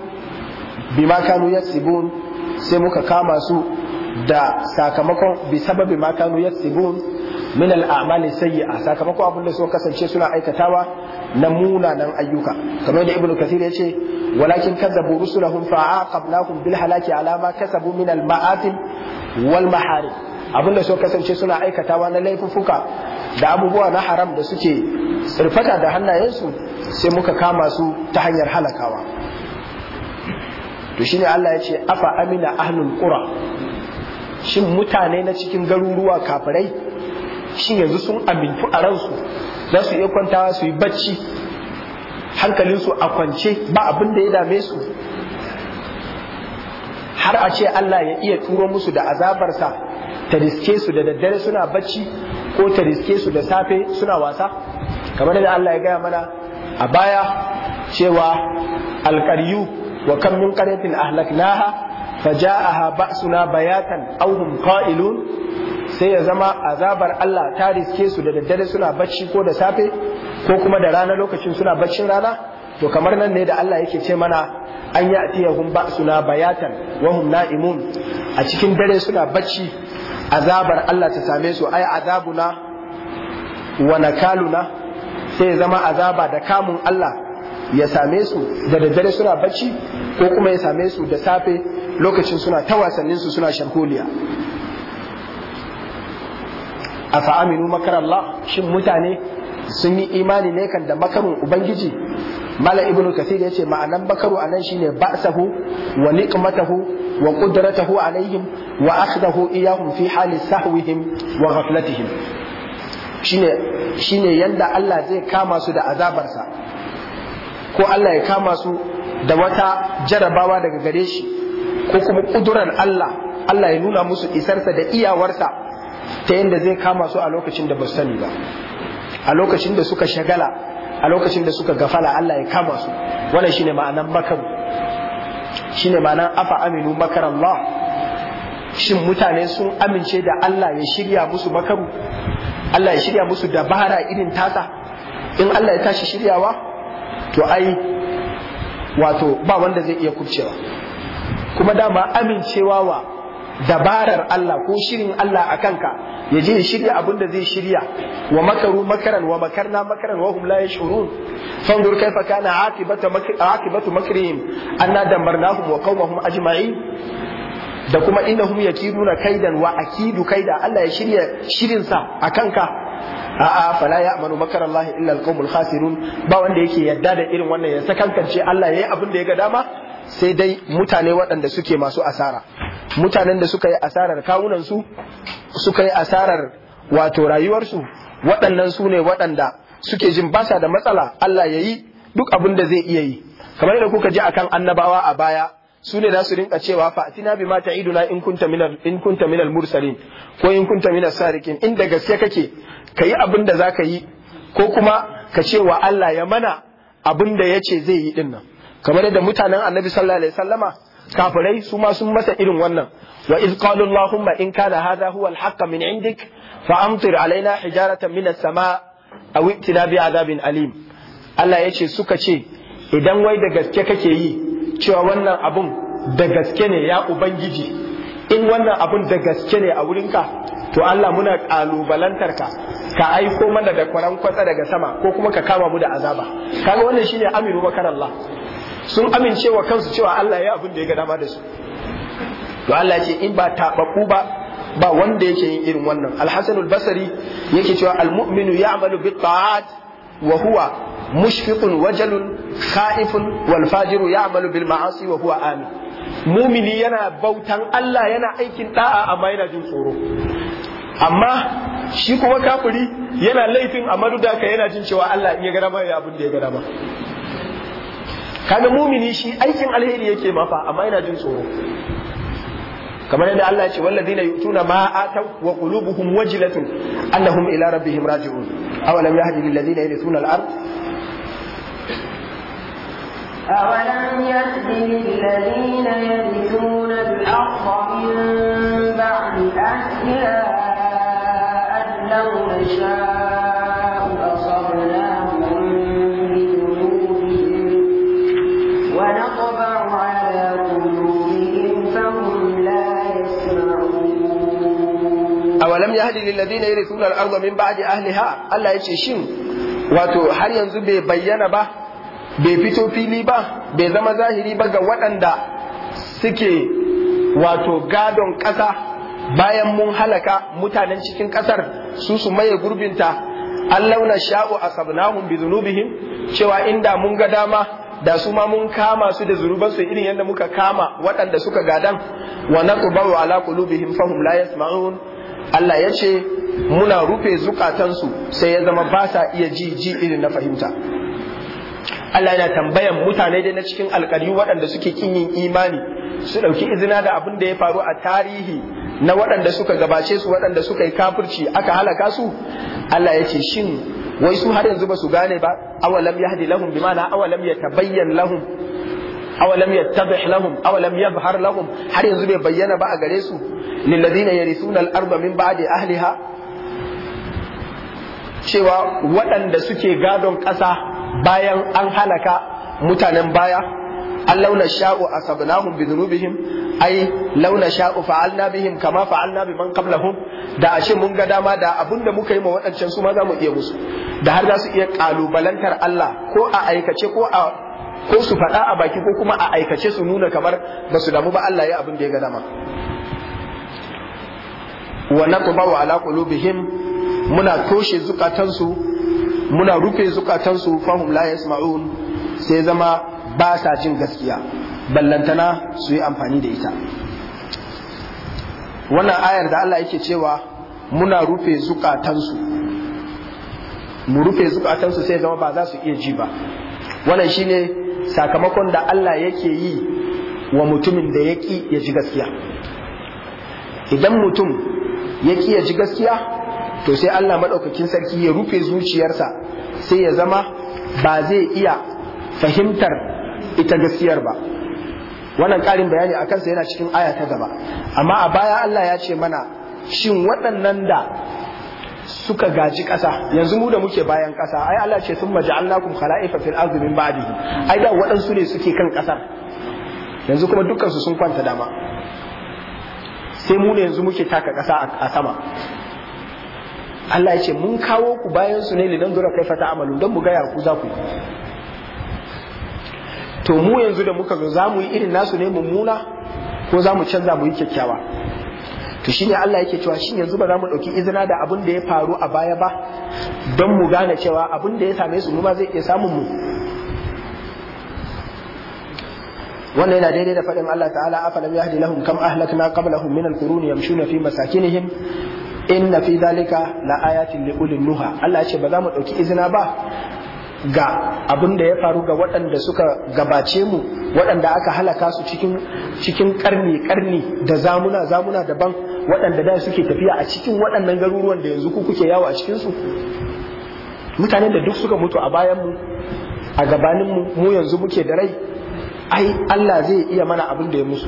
bima kanu yasibun sai muka kama su da sakamakon bi sababi ma kanu yasibun min al'amali sayyi'a sakamakon abin da suka kasance suna aikatawa na munanan ayyuka kamar da ibnu kathir ya ce walakin kazzabu rusulahum fa aqabnahum bil halaki ala ma kasabu min al wal maharib abinda sun kasance suna aikatawa na laifuka da abubuwa na haram da suke tsirfata da hannayensu sai muka kama su ta hanyar halakawa to shine Allah ya ce afa amina ahlul qura shin mutane na cikin garuruwa kafirai shin yanzu sun amintu a ransu za su iya kwantawa su yi bacci hankalinsu a kwance ba abin da ya dame su har a ce Allah ya iya turo musu da azabarsa ta riske su da daddare suna bacci ko ta riske su da safe suna wasa kamar da Allah ya gaya mana a baya cewa alƙaryu wa kam min qaryatin ahlaknaha faja'aha ba'suna bayatan aw hum qa'ilun sai ya zama azabar Allah ta riske su da daddare suna bacci ko da safe ko kuma da rana lokacin suna baccin rana to kamar nan ne da Allah yake ce mana an yi ba'suna bayatan wa hum na'imun a cikin dare suna bacci azabar Allah ta same su ai azabuna wa nakaluna sai zama azaba da kamun Allah ya same su da daddare suna bacci ko kuma ya same su da safe lokacin suna ta wasannin su suna sharholiya afa aminu makarar Allah shin mutane sun yi imani ne kan da makarun ubangiji mala ibnu ya yace ma'anan bakaru anan shine ba'sahu wa niqmatahu wa qudratahu alaihim wa akhdahu iyahum fi hali sahwihim wa ghaflatihim shine shine yanda Allah zai kama su da azabarsa ko Allah ya kama su da wata jarabawa daga gare shi ko kuma kudurar Allah Allah ya nuna musu isarsa da iyawarsa ta yanda zai kama su a lokacin da ba sani ba a lokacin da suka shagala a lokacin da suka gafala Allah ya kama su wannan shine ma'anan makaru shine ma'anan afa aminu Allah shin mutane sun amince da Allah ya shirya musu makaru Allah ya shirya musu dabara irin tasa in Allah ya tashi shiryawa to ai wato ba wanda zai iya kubcewa kuma dama amincewa wa dabarar Allah ko shirin Allah a kanka ya je ya shirya abin da zai shirya wa makaru makaran wa makarna makaran wa hum la yashurun fanzur kaifa kana aqibatu makrihim anna damarnahum wa qaumahum ajma'in da kuma innahum yakiduna kaidan wa akidu kaida Allah ya shirya shirin sa a kanka a'a fala ya'manu makara Allah illa alqaumul khasirun ba wanda yake yadda da irin wannan ya sakankance Allah yayi abin da ya ga dama sai dai mutane waɗanda suke masu asara mutanen da suka yi asarar kawunansu suka yi asarar wato rayuwarsu waɗannan su ne waɗanda suke jin basa da matsala Allah ya yi duk abin da zai iya yi kamar yadda kuka ji akan annabawa a baya su ne za su rinka cewa fa atina bi ma ta'iduna in kunta minal in kunta minal mursalin ko in kunta minas sariqin inda gaske kake kayi abin da zaka yi ko kuma ka ce wa Allah ya mana abin da yace zai yi dinnan kamar yadda mutanen annabi sallallahu alaihi wasallama kafirai su ma sun masa irin wannan wa iz qalu allahumma in kana hadha huwa al min indik fa amtir alaina hijaratan min as-sama' aw itina bi adabin alim Allah yace suka ce idan wai da gaske kake yi cewa wannan abun da gaske ne ya ubangiji in wannan abun da gaske ne a wurinka to Allah muna kalubalantar ka ka aiko mana da kwaran kwatsa daga sama ko kuma ka kama mu da azaba kaga wannan shine amiru Aminu Allah sun amince wa kansu cewa Allah ya abin da ya ga dama da su to Allah ce in ba taɓaɓɓu ba ba wanda yake yin irin wannan alhassan Basari yake cewa almu'minu ya'malu bi ta'at wa huwa mushfiqun wajalun kha'ifun wal fajiru ya'malu bil ma'asi wa huwa amin mumini yana bautan Allah yana aikin da'a amma yana jin tsoro amma shi kuma kafiri yana laifin a madudaka yana jin cewa Allah in ya ga dama ya abin da ya ga dama kaga mumini shi aikin alheri yake mafa amma yana jin tsoro kamar yadda Allah ya ce walladina yutuna ma ataw wa qulubuhum wajilatun annahum ila rabbihim raji'un aw lam yahdi lil ladina yarithuna al-ard أولم يهد للذين يرثون الأرض من بعد أهلها أن لو نشاء yahdi lil ladina yarithuna al-ardh min ba'di ahliha Allah yace shin wato har yanzu bai bayyana ba bai fito fili ba bai zama zahiri ba ga waɗanda suke wato gadon ƙasa bayan mun halaka mutanen cikin ƙasar su su maye gurbinta an launa sha'u asabnahum bi dhunubihim cewa inda mun ga dama da su ma mun kama su da zunuban su irin yadda muka kama waɗanda suka gadan wa naqbaru ala qulubihim fahum la yasma'un Allah ya ce muna rufe zukatansu sai ya zama ba sa iya ji ji irin na fahimta Allah yana tambayan mutane dai na cikin alkaryu waɗanda suke kin yin imani su ɗauki izina da abin da ya faru a tarihi na waɗanda suka gabace su waɗanda suka yi kafirci aka halaka su Allah ya ce shin wai su har yanzu ba su gane ba awalam yahdi lahum mana awalam yatabayyan lahum awalam yattadih lahum awalam yabhar lahum har yanzu bai bayyana ba a gare su lil ladina yarisuna al arba min ba'di ahliha cewa waɗanda suke gadon ƙasa bayan an halaka mutanen baya an launa sha'u asabnahum bi dhunubihim ai launa sha'u fa'alna bihim kama fa'alna bi man qablahum da ashe mun ga dama da abinda muka yi ma waɗancan su ma za mu iya musu da har za su iya kalubalantar Allah ko a aikace ko a ko su faɗa a baki ko kuma a aikace su nuna kamar ba su damu ba Allah ya abin da ya ga dama wa wa ala qulubihim muna toshe zukatansu muna rufe zukatansu fahum la yasma'un sai zama ba sa jin gaskiya ballantana su yi amfani da ita wannan ayar da Allah yake cewa muna rufe zukatansu mu rufe zukatansu sai zama ba za su iya ji ba wannan shine sakamakon da Allah yake yi wa mutumin da yaki ya ji gaskiya idan mutum yaki ya ji gaskiya to sai Allah madaukakin sarki ya rufe zuciyarsa sai ya zama ba zai iya fahimtar ita gaskiyar ba wannan ƙarin bayani a kansa yana cikin aya ta gaba amma a baya Allah ya ce mana shin waɗannan da suka gaji ƙasa yanzu mu da muke bayan ƙasa ai Allah ce sun maja'alnakum khala'ifa fil ardi min ba'dihi ai da waɗansu ne suke kan ƙasar yanzu kuma dukkan su sun kwanta dama sai mu ne yanzu muke taka ƙasa a sama Allah ya ce mun kawo ku bayan su ne lidan dora kai fata amalu don mu gaya ku za ku to mu yanzu da muka zo za mu yi irin nasu ne mummuna ko za mu canza mu yi kyakkyawa to shine Allah yake cewa shin yanzu ba za mu dauki izina da abin da ya faru a baya ba don mu gane cewa abin da ya same su zai iya samun mu wannan yana daidai da faɗin Allah ta'ala afalam yahdi lahum kam ahlakna qablahum min al-qurun yamshuna fi masakinihim inna fi dhalika na li ulil nuha Allah ya ce ba za mu dauki izina ba ga abin da ya faru ga waɗanda suka gabace mu waɗanda aka halaka su cikin cikin karni karni da zamuna zamuna daban waɗanda da suke tafiya a cikin waɗannan garuruwan da yanzu ku kuke yawo a cikinsu mutanen da duk suka mutu a bayanmu a gabaninmu mu yanzu muke da rai ai Allah zai iya mana abin da ya musu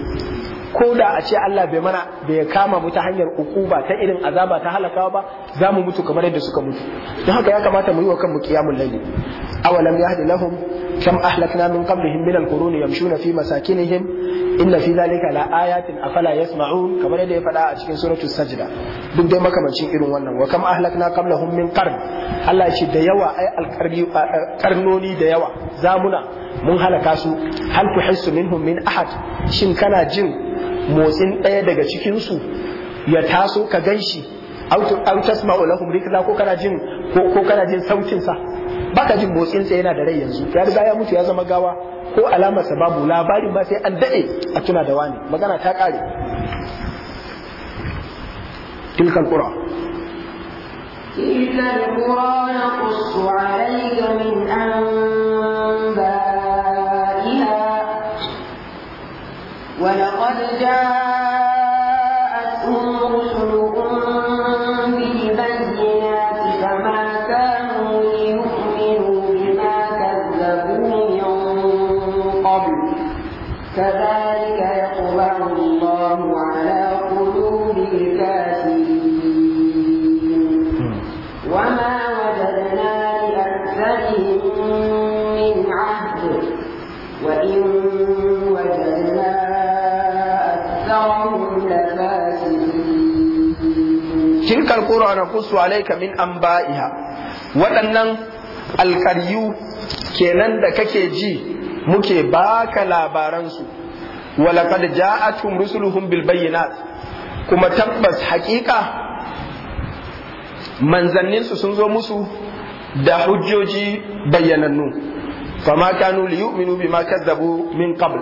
ko da a ce Allah bai mana bai kama mu ta hanyar ba ta irin azaba ta halakawa ba za mu mutu kamar yadda suka mutu don haka ya kamata mu yi wa kanmu lalle. lalle awalam yahdi lahum كم أهلكنا من قبلهم من القرون يمشون في مساكنهم إن في ذلك لآيات أفلا يسمعون كما يدي فلا أشكي سورة السجدة duk dai makamancin irin wannan wa kam ahlakna qablahum min qarn Allah ya ce da yawa ai alqarni karnoni da yawa zamuna mun halaka su hal tuhissu minhum min ahad shin kana jin motsin ɗaya daga cikin su ya taso ka ganshi autas tasma'u lahum rikla ko kana jin ko kana jin sautin sa baka jin motsin sa yana da rai yanzu ya riga ya mutu ya zama gawa ko alamar sa babu labarin ba sai an dade a tuna da wani magana ta kare tilkal qura تلك القرى naqussu alayka min anba'iha waɗannan alkaryu kenan da kake ji muke baka labaransu walaqad a cikin rusuluhun bilbayina kuma tabbas haƙiƙa manzanninsu sun zo musu da hujjoji bayyanannu fama kanu liyu'minu ma kazzabu min qabl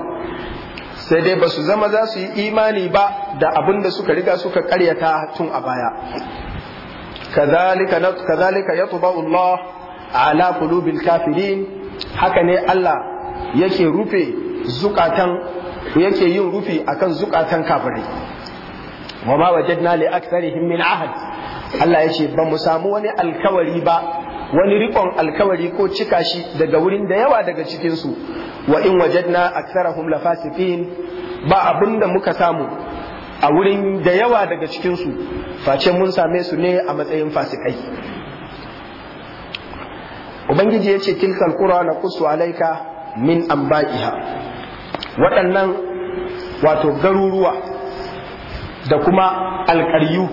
sai dai ba su zama za su yi imani ba da abin da suka riga suka karyata tun a baya Kazalika kadhalika yatba Allah ala qulubil kafirin haka ne Allah yake rufe zukatan yake yin rufi akan zukatan kafirai wa ma wajadna li aktharihim min ahad Allah yace ba mu samu wani alkawari ba wani rikon alkawari ko cika shi daga wurin da yawa daga cikinsu wa in wajadna aktharahum lafasiqin ba abinda muka samu a wurin da yawa daga cikinsu face mun same su ne a matsayin fasikai ubangiji ya ce tilkal kura na kusu alaika min amba'iha waɗannan wato garuruwa da kuma alƙaryu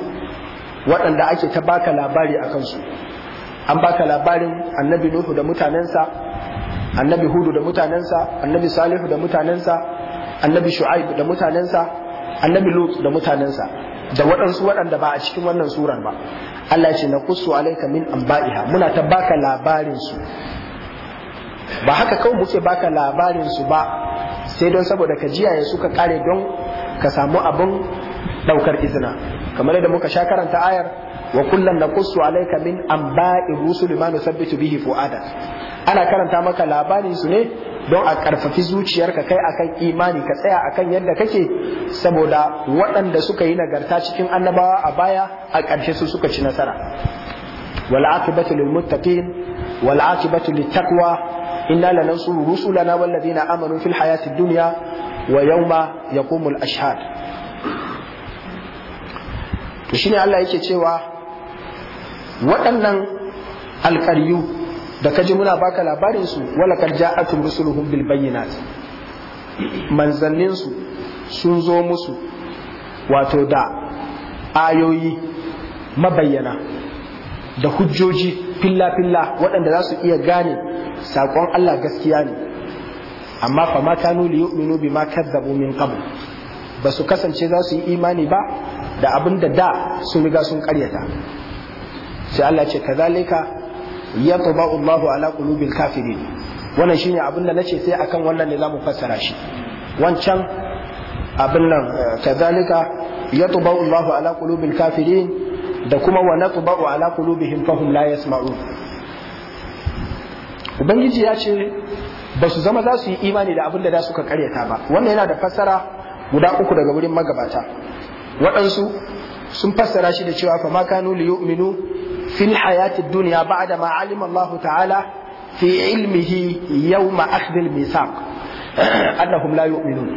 waɗanda ake ta baka labari a kansu an baka labarin annabi nuhu da mutanensa annabi hudu da mutanensa annabi salihu da mutanensa annabi shu'aib da mutanensa annabi lut da mutanensa da waɗansu waɗanda ba a cikin wannan surar ba Allah ya ce na kusu alaika min amba'iha muna ta baka labarin su ba haka kawai muke baka labarin su ba sai don saboda ka jiyaye su ka kare don ka samu abin daukar izina kamar yadda muka sha karanta ayar wa kullum na kusu alaika min an rusul ma nusabbitu bihi fu'ada ana karanta maka labarin su ne don a karfafi zuciyarka kai akan imani ka tsaya akan yadda kake saboda waɗanda suka yi nagarta cikin annabawa a baya a ƙarshe su suka ci nasara wal aqibatu lil muttaqin wal aqibatu lit taqwa inna lanansuru rusulana wal ladina amanu fil hayati dunya wa yawma yaqumul ashhad to shine Allah yake cewa waɗannan alƙaryu da ka ji muna baka labarin su wala kad ja'atum rusuluhum bil bayyinat manzannin su sun zo musu wato da ayoyi mabayyana da hujjoji filla-filla waɗanda za su iya gane saƙon Allah gaskiya ne amma fa ma kanu li yu'minu bima kadzabu min qabl ba su kasance za su yi imani ba da abin da da sun riga sun ƙaryata sai Allah ce kazalika yatba Allahu ala qulubil kafirin wannan shine abin da nace sai akan wannan ne zamu fassara shi wancan abin nan eh, kazalika yatba Allahu ala qulubil kafirin da kuma wa natba ala qulubihim fahum la yasma'un ubangiji ya ce ba su zama za su yi imani da abin da suka karyata ba wannan yana da fassara guda uku daga wurin magabata waɗansu sun fassara shi da cewa fa ma kanu li yu'minu fil hayatid dunya ba'da ma alima Allah ta'ala fi ilmihi yawma akhdh al misaq annahum la yu'minun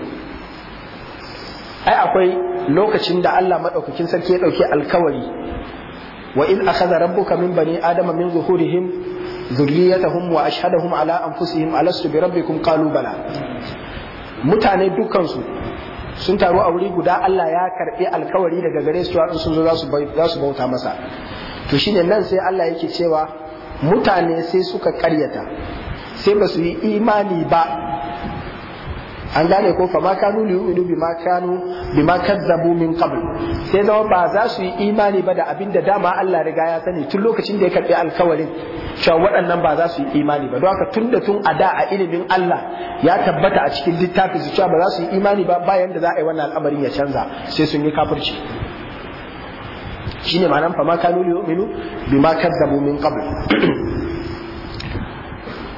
ai akwai lokacin da Allah madaukakin sarki ya dauki alkawari wa in akhadha rabbuka min bani adama min zuhurihim dhurriyyatahum wa ashhadahum ala anfusihim alastu bi rabbikum qalu bala mutane dukansu sun taru a wuri guda Allah ya karɓi alkawari daga gare su in sun zo za su bauta masa to shine nan sai Allah yake cewa mutane sai suka karyata sai ba su yi imani ba an gane ko fa ma kanu li yu'minu bima kanu bima min qabl sai zama ba za su yi imani ba da abin da dama Allah riga ya sani tun lokacin da ya karbi alkawarin cewa waɗannan ba za su yi imani ba don haka tun da tun a da a ilimin Allah ya tabbata a cikin littafin su cewa ba za su yi imani ba bayan da za a yi wannan al'amarin ya canza sai sun yi kafirci shine ma'anan fa ma kanu yu'minu bima kadzabu min qabl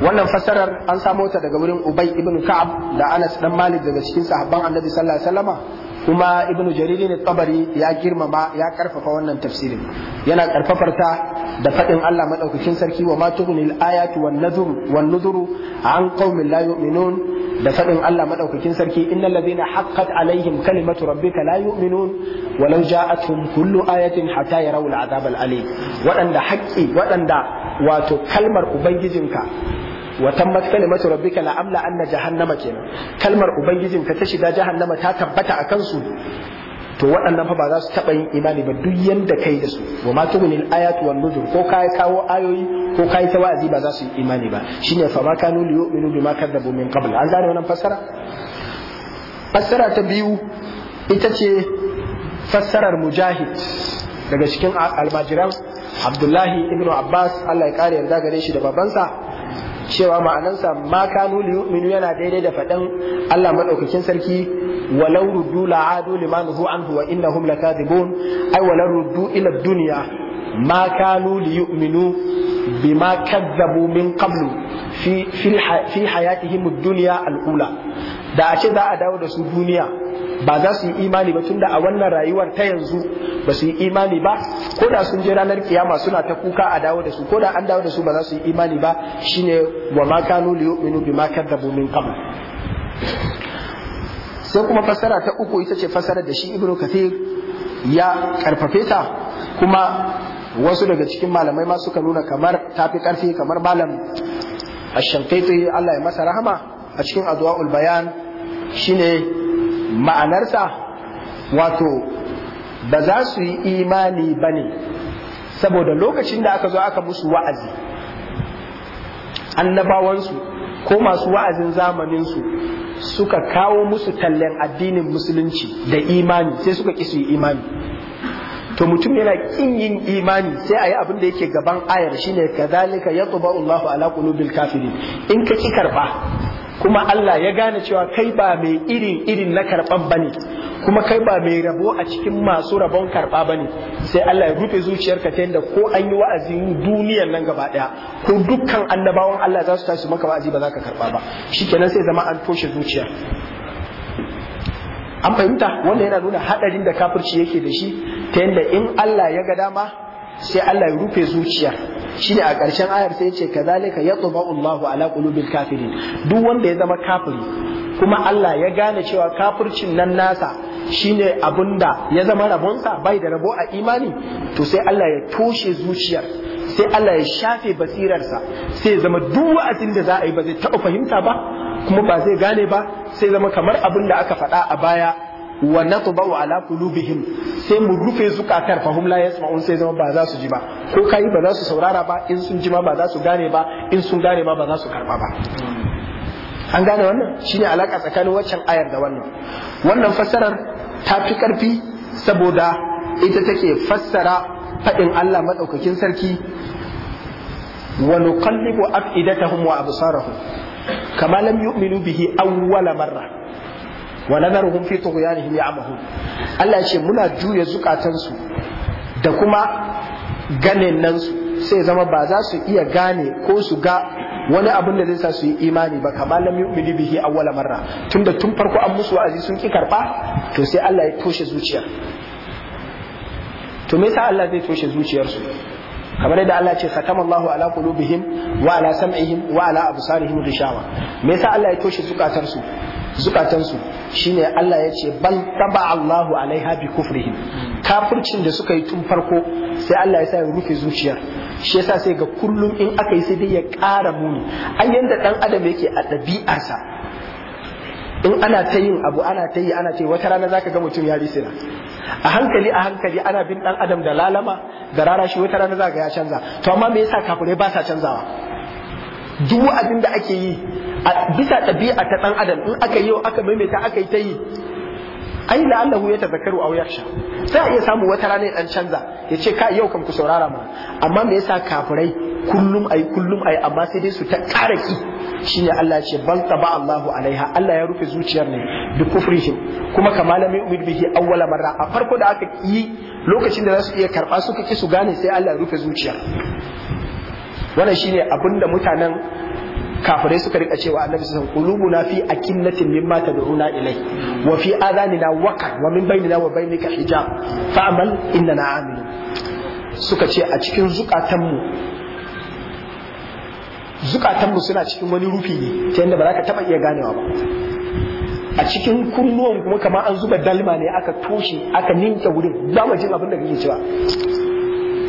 wannan fassarar an samo ta daga wurin Ubay ibn Ka'ab da Anas dan Malik daga cikin sahabban Annabi sallallahu alaihi wasallama kuma ibnu Jariri ne tabari ya girmama ya karfafa wannan tafsirin yana karfafar ta da fadin Allah madaukakin sarki wa ma tughnil ayatu wan nuzur wan an qaumin la yu'minun da fadin Allah madaukakin sarki innal ladina haqqat alaihim kalimatu rabbika la yu'minun walau ja'atuhum kullu ayatin hatta yarawul azab al alim wadanda haqqi wadanda wato kalmar ubangijinka wa tammat kalimatu rabbika la amla anna jahannama kenan kalmar ubangijin ka ta shiga jahannama ta tabbata a kansu to waɗannan fa ba za su taɓa yin imani ba duk yanda kai da su wa ma tughni ayatu wan nuzur ko ka kawo ayoyi ko ka ta wa'azi ba za su yi imani ba shine fa ma kanu yu'minu bima kadzabu min qabl an gane wannan fassara fassara ta biyu ita ce fassarar mujahid daga cikin almajiran abdullahi ibnu abbas allah ya kare yarda gare shi da babansa cewa ma'anansa ma kanu yu'minu yana daidai da faɗin Allah madaukakin sarki walau ruddu la'adu liman hu anhu wa innahum lakadibun ai walau ruddu ila dunya ma kanu bi bima kadzabu min qablu fi fi hayatihim ad-dunya al-ula da a ce za a dawo da su duniya ba za su yi imani ba tunda a wannan rayuwar ta yanzu ba su yi imani ba ko da sun je ranar kiyama suna ta kuka a dawo da su ko da an dawo da su ba za su yi imani ba shine wa ma kanu li yu'minu bima kadzabu min qabl sai kuma fasara ta uku ita ce fasarar da shi ibnu kathir ya karfafe ta kuma wasu daga cikin malamai ma suka nuna kamar tafi karfi kamar malam ash Allah ya masa rahama a cikin adwa'ul bayan shine ma'anarsa wato ba za su yi imani ba ne saboda lokacin da aka zo aka musu wa'azi annabawansu ko masu wa'azin zamaninsu suka kawo musu tallan addinin musulunci da imani sai suka ƙi su yi imani to mutum yana ƙin yin imani sai a yi abin da yake gaban ayar shine kazalika yatba'u Allahu ala qulubil kafirin in ka ƙi karɓa kuma Allah ya gane cewa kai ba mai irin irin na ba bane kuma kai ba mai rabo a cikin masu rabon karɓa bane sai Allah ya rufe zuciyarka ta yadda ko an yi wa'azi duniyar nan gaba daya ko dukkan annabawan Allah za su tashi maka wa'azi ba za ka karɓa ba shikenan sai zama an toshe zuciya an fahimta wanda yana nuna haɗarin da kafirci yake da shi ta yadda in Allah ya ga dama sai Allah ya rufe zuciyar shine a ƙarshen ayar sai yace kazalika yatba'u Allahu ala qulubil kafiri duk wanda ya zama kafiri kuma Allah ya gane cewa kafircin nan nasa shine abinda ya zama rabonsa bai da rabo a imani to sai Allah ya toshe zuciyar sai Allah ya shafe basirarsa sai ya zama duk wa'azin da za a yi ba zai taɓa fahimta ba kuma ba zai gane ba sai zama kamar abin da aka faɗa a baya wa natba'u ala qulubihim sai mu rufe zukatar fahum la yasma'un sai zama ba za su ji ba ko kai ba za su saurara ba in sun ji ma ba za su gane ba in sun gane ma ba za su karba ba an gane wannan shine alaka tsakanin waccan ayar da wannan wannan fassarar ta fi karfi saboda ita take fassara faɗin Allah madaukakin sarki wa nuqallibu afidatahum wa absarahum kama lam yu'minu bihi awwala marra wa nadaruhum fi tughyanihim ya'mahun Allah ya ce muna juya zukatansu da kuma ganin nan su sai zama ba za su iya gane ko su ga wani abin da zai sa su yi imani ba kamar lam yu'minu bihi awwala marra tunda tun farko an musu wa'azi sun ki karba to sai Allah ya toshe zuciyar to me yasa Allah zai toshe zuciyarsu kamar yadda Allah ce khatama Allah ala qulubihim wa ala sam'ihim wa ala absarihim ghishawa me yasa Allah ya toshe zukatarsu zukatansu shine Allah ya ce bal taba Allahu alaiha bi kufrihim kafircin da suka yi tun farko sai Allah ya sa ya rufe zuciyar shi yasa sai ga kullum in aka yi sai dai ya ƙara muni an yanda dan adam yake a ɗabi'arsa in ana ta yin abu ana ta yi ana ce wata rana zaka ga mutum ya risina a hankali a hankali ana bin dan adam da lalama da rana shi wata rana zaka ga ya canza to amma me yasa kafirai ba sa canzawa duk abin da ake yi bisa ɗabi'a ta ɗan adam in aka yi aka maimaita aka yi ta yi ai Allah ya tazakkaru aw sha. sai a iya samu wata rana ya dan canza ya ce ka yau kan ku saurara mu. amma me yasa kafirai kullum ai kullum ai amma sai dai su ta ƙara ki shine Allah ya ce ban taba Allahu alaiha Allah ya rufe zuciyar ne bi kufrihim kuma ka malamin umid bihi awwala marra a farko da aka yi lokacin da za su iya karba suka ki su gane sai Allah ya rufe zuciyar wannan shine abinda mutanen kafirai suka rika cewa annabi sun alaihi na qulubuna fi akinnatin mimma tad'una ilai wa fi adanina waka wa min bainina wa bainika hijab fa'mal innana amilun suka ce a cikin zukatanmu zukatanmu suna cikin wani rufi ne ta yadda ba za ka taba iya ganewa ba a cikin kunnuwan kuma kamar an zuba dalma ne aka toshe aka ninke wurin ba mu jin abin da kake cewa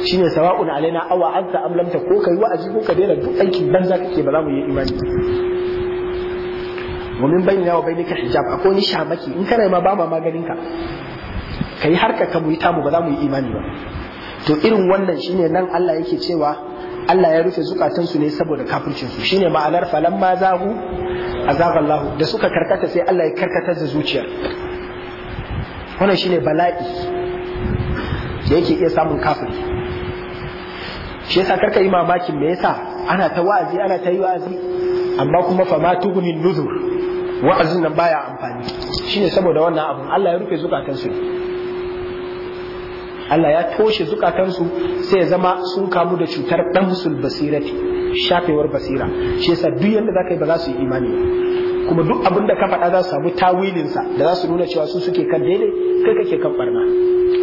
shine sawa'un alaina awa anta am lam ko kai wa'azi ko ka daina duk aikin banza kake ba za mu yi imani wa min bainina wa bainika hijab akwai ni in kana ma ba ma maganin ka kai harka ka mu yi tamu ba za mu yi imani ba to irin wannan shine nan Allah yake cewa Allah ya rufe su ne saboda Shi shine ma'anar falamma zahu azaballahu da suka karkata sai Allah ya karkatar da zuciyar wannan shine bala'i da yake iya samun kafiri shi yasa karka yi mamakin me yasa ana ta wa'azi ana ta yi wa'azi amma kuma fa ma tughnin nuzur wa'azin nan baya amfani shine saboda wannan abun Allah ya rufe zukatan su Allah ya toshe zukatan su sai ya zama sun kamu da cutar damsul basirati shafewar basira shi yasa duk yanda zaka yi ba za su yi imani kuma duk abin da ka faɗa za su samu tawilinsa da za su nuna cewa su suke kan daidai kai kake kan barna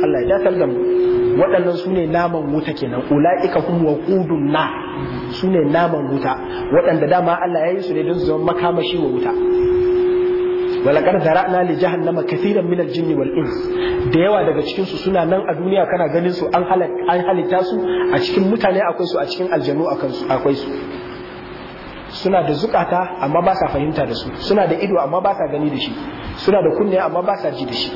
Allah ya dakar da mu waɗannan su ne naman wuta kenan ula'ika kuma wa ƙudun na su ne naman wuta waɗanda dama Allah ya yi su ne don su zama makamashi wa wuta walakar na li jahannama kathiran min al-jinni wal ins da yawa daga cikin suna nan a duniya kana ganin su an halitta su a cikin mutane akwai su a cikin aljanu akwai su suna da zukata amma ba sa fahimta da su suna da ido amma ba sa gani da shi suna da kunne amma ba sa ji da shi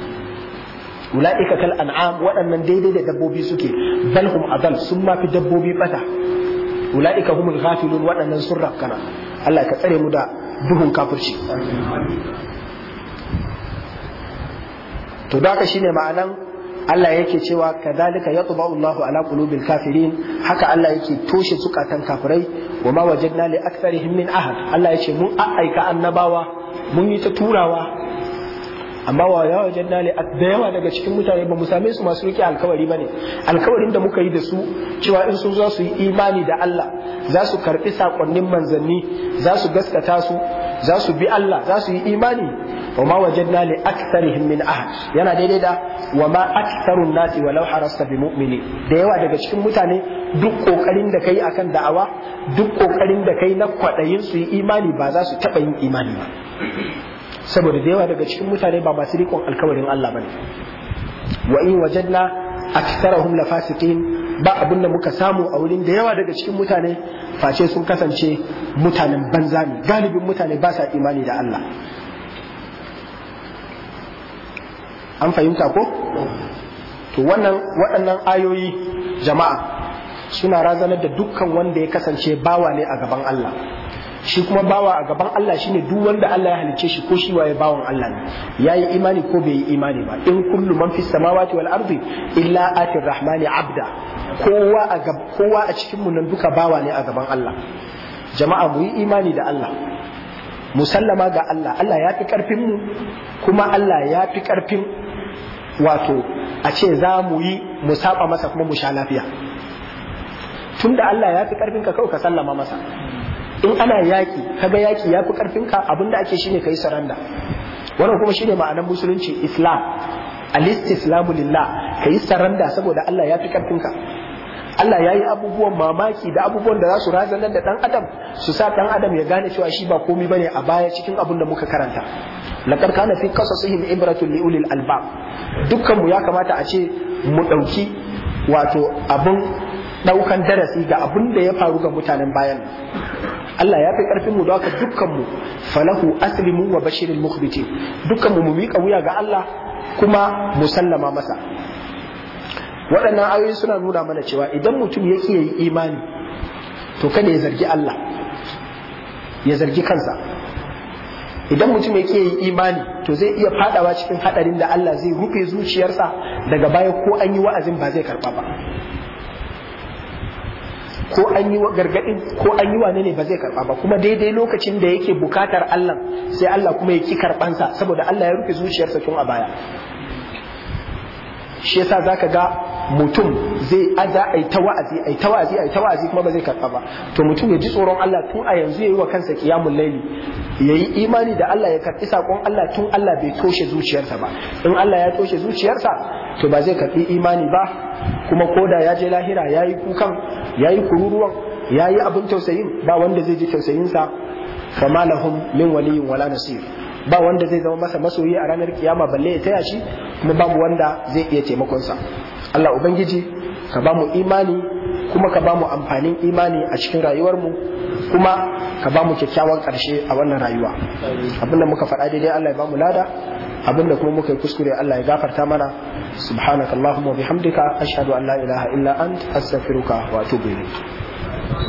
ulaika kal an'am waɗannan daidai da dabbobi suke bal hum adal sun ma fi dabbobi bata ulaika humul ghafilun waɗannan sun rafkana Allah ka tsare mu da duhun kafirci to da shine ma'anan Allah yake cewa kadhalika yatba Allahu ala qulubil kafirin haka Allah yake toshe zukatan kafirai wa ma wajadna li aktharihim min ahad Allah yace mun aika annabawa mun yi ta turawa amma wa ya wajen a da yawa daga cikin mutane ba mu same su masu rike alkawari ba ne alkawarin da muka yi da su cewa in sun za su yi imani da Allah za su karɓi sakonnin manzanni za su gaskata su za su bi Allah za su yi imani wa ma wajadna li aktharihim min ahad yana daidai da wa ma aktharun nasi walau harasta bi mu'mini da yawa daga cikin mutane duk kokarin da kai akan da'awa duk kokarin da kai na kwaɗayin su yi imani ba za su taɓa yin imani ba saboda da yawa daga cikin mutane ba masu rikon alkawarin Allah bane wa in wajadna aktharahum lafasiqin ba abin muka samu a wurin da yawa daga cikin mutane face sun kasance mutanen banza ne galibin mutane ba sa imani da Allah an fahimta ko to wannan waɗannan ayoyi jama'a suna razanar da dukkan wanda ya kasance bawa ne a gaban Allah shi kuma bawa a gaban Allah shi ne duk wanda Allah ya halicce shi ko shi waye bawan Allah ne yayi imani ko bai yi imani ba in kullu man fis samawati wal ardi illa atir rahmani abda kowa a kowa a cikin mu nan duka bawa ne a gaban Allah jama'a mu yi imani da Allah musallama ga Allah Allah ya fi karfin mu kuma Allah ya fi karfin wato a ce za mu yi mu saba masa kuma mu sha lafiya tunda Allah ya fi karfin ka kawai ka sallama masa in ana yaki kaga yaki fi karfin ka abinda ake shi ne ka yi saranda wannan kuma shi ne ma'anar musulunci islam al-istislamu lillah yi saranda saboda Allah yafi karfin ka Allah ya yi abubuwan mamaki da abubuwan da za su nan da ɗan adam su sa ɗan adam ya gane cewa shi ba komi bane a baya cikin abin da muka karanta laqad kana fi qasasihim ibratun liulil ulil albab dukkan mu ya kamata a ce mu ɗauki wato abin ɗaukan darasi ga abin da ya faru ga mutanen bayan Allah ya fi karfin mu don dukkan mu falahu aslimu wa Bashirin mukhbitin dukkan mu mika miƙa wuya ga Allah kuma mu sallama masa waɗannan ayoyi suna nuna mana cewa idan mutum ya yi imani to kada ya zargi Allah ya zargi kansa idan mutum ya ƙi yi imani to zai iya fadawa cikin haɗarin da Allah zai rufe zuciyarsa daga baya ko an yi wa'azin ba zai karɓa ba ko an yi gargadin ko an yi wane ne ba zai karɓa ba kuma daidai lokacin da yake bukatar Allah sai Allah kuma ya ki sa saboda Allah ya rufe zuciyarsa tun a baya shi yasa zaka ga mutum zai aza ai ta wa'azi ai ta wa'azi ai ta wa'azi kuma ba zai karɓa ba to mutum ya ji tsoron Allah tun a yanzu ya yi wa kansa qiyamul layli yayi imani da Allah ya karɓi sakon Allah tun Allah bai toshe zuciyarsa ba in Allah ya toshe zuciyarsa to ba zai karɓi imani ba kuma ko da ya je lahira yayi kukan yayi kururuwan yayi abin tausayin ba wanda zai ji tausayinsa fama lahum min waliyin wala nasir ba wanda zai zama masa masoyi a ranar kiyama balle ya taya shi kuma babu wanda zai iya taimakon sa Allah ubangiji ka ba mu imani kuma ka ba mu amfanin imani a cikin rayuwarmu kuma ka ba mu kyakkyawan karshe a wannan rayuwa abinda muka faɗa daidai Allah ya ba mu lada abinda kuma muka yi kuskure Allah ya gafarta mana subhanaka allahumma bihamdika ashhadu an la ilaha illa ant astaghfiruka wa atubu ilayk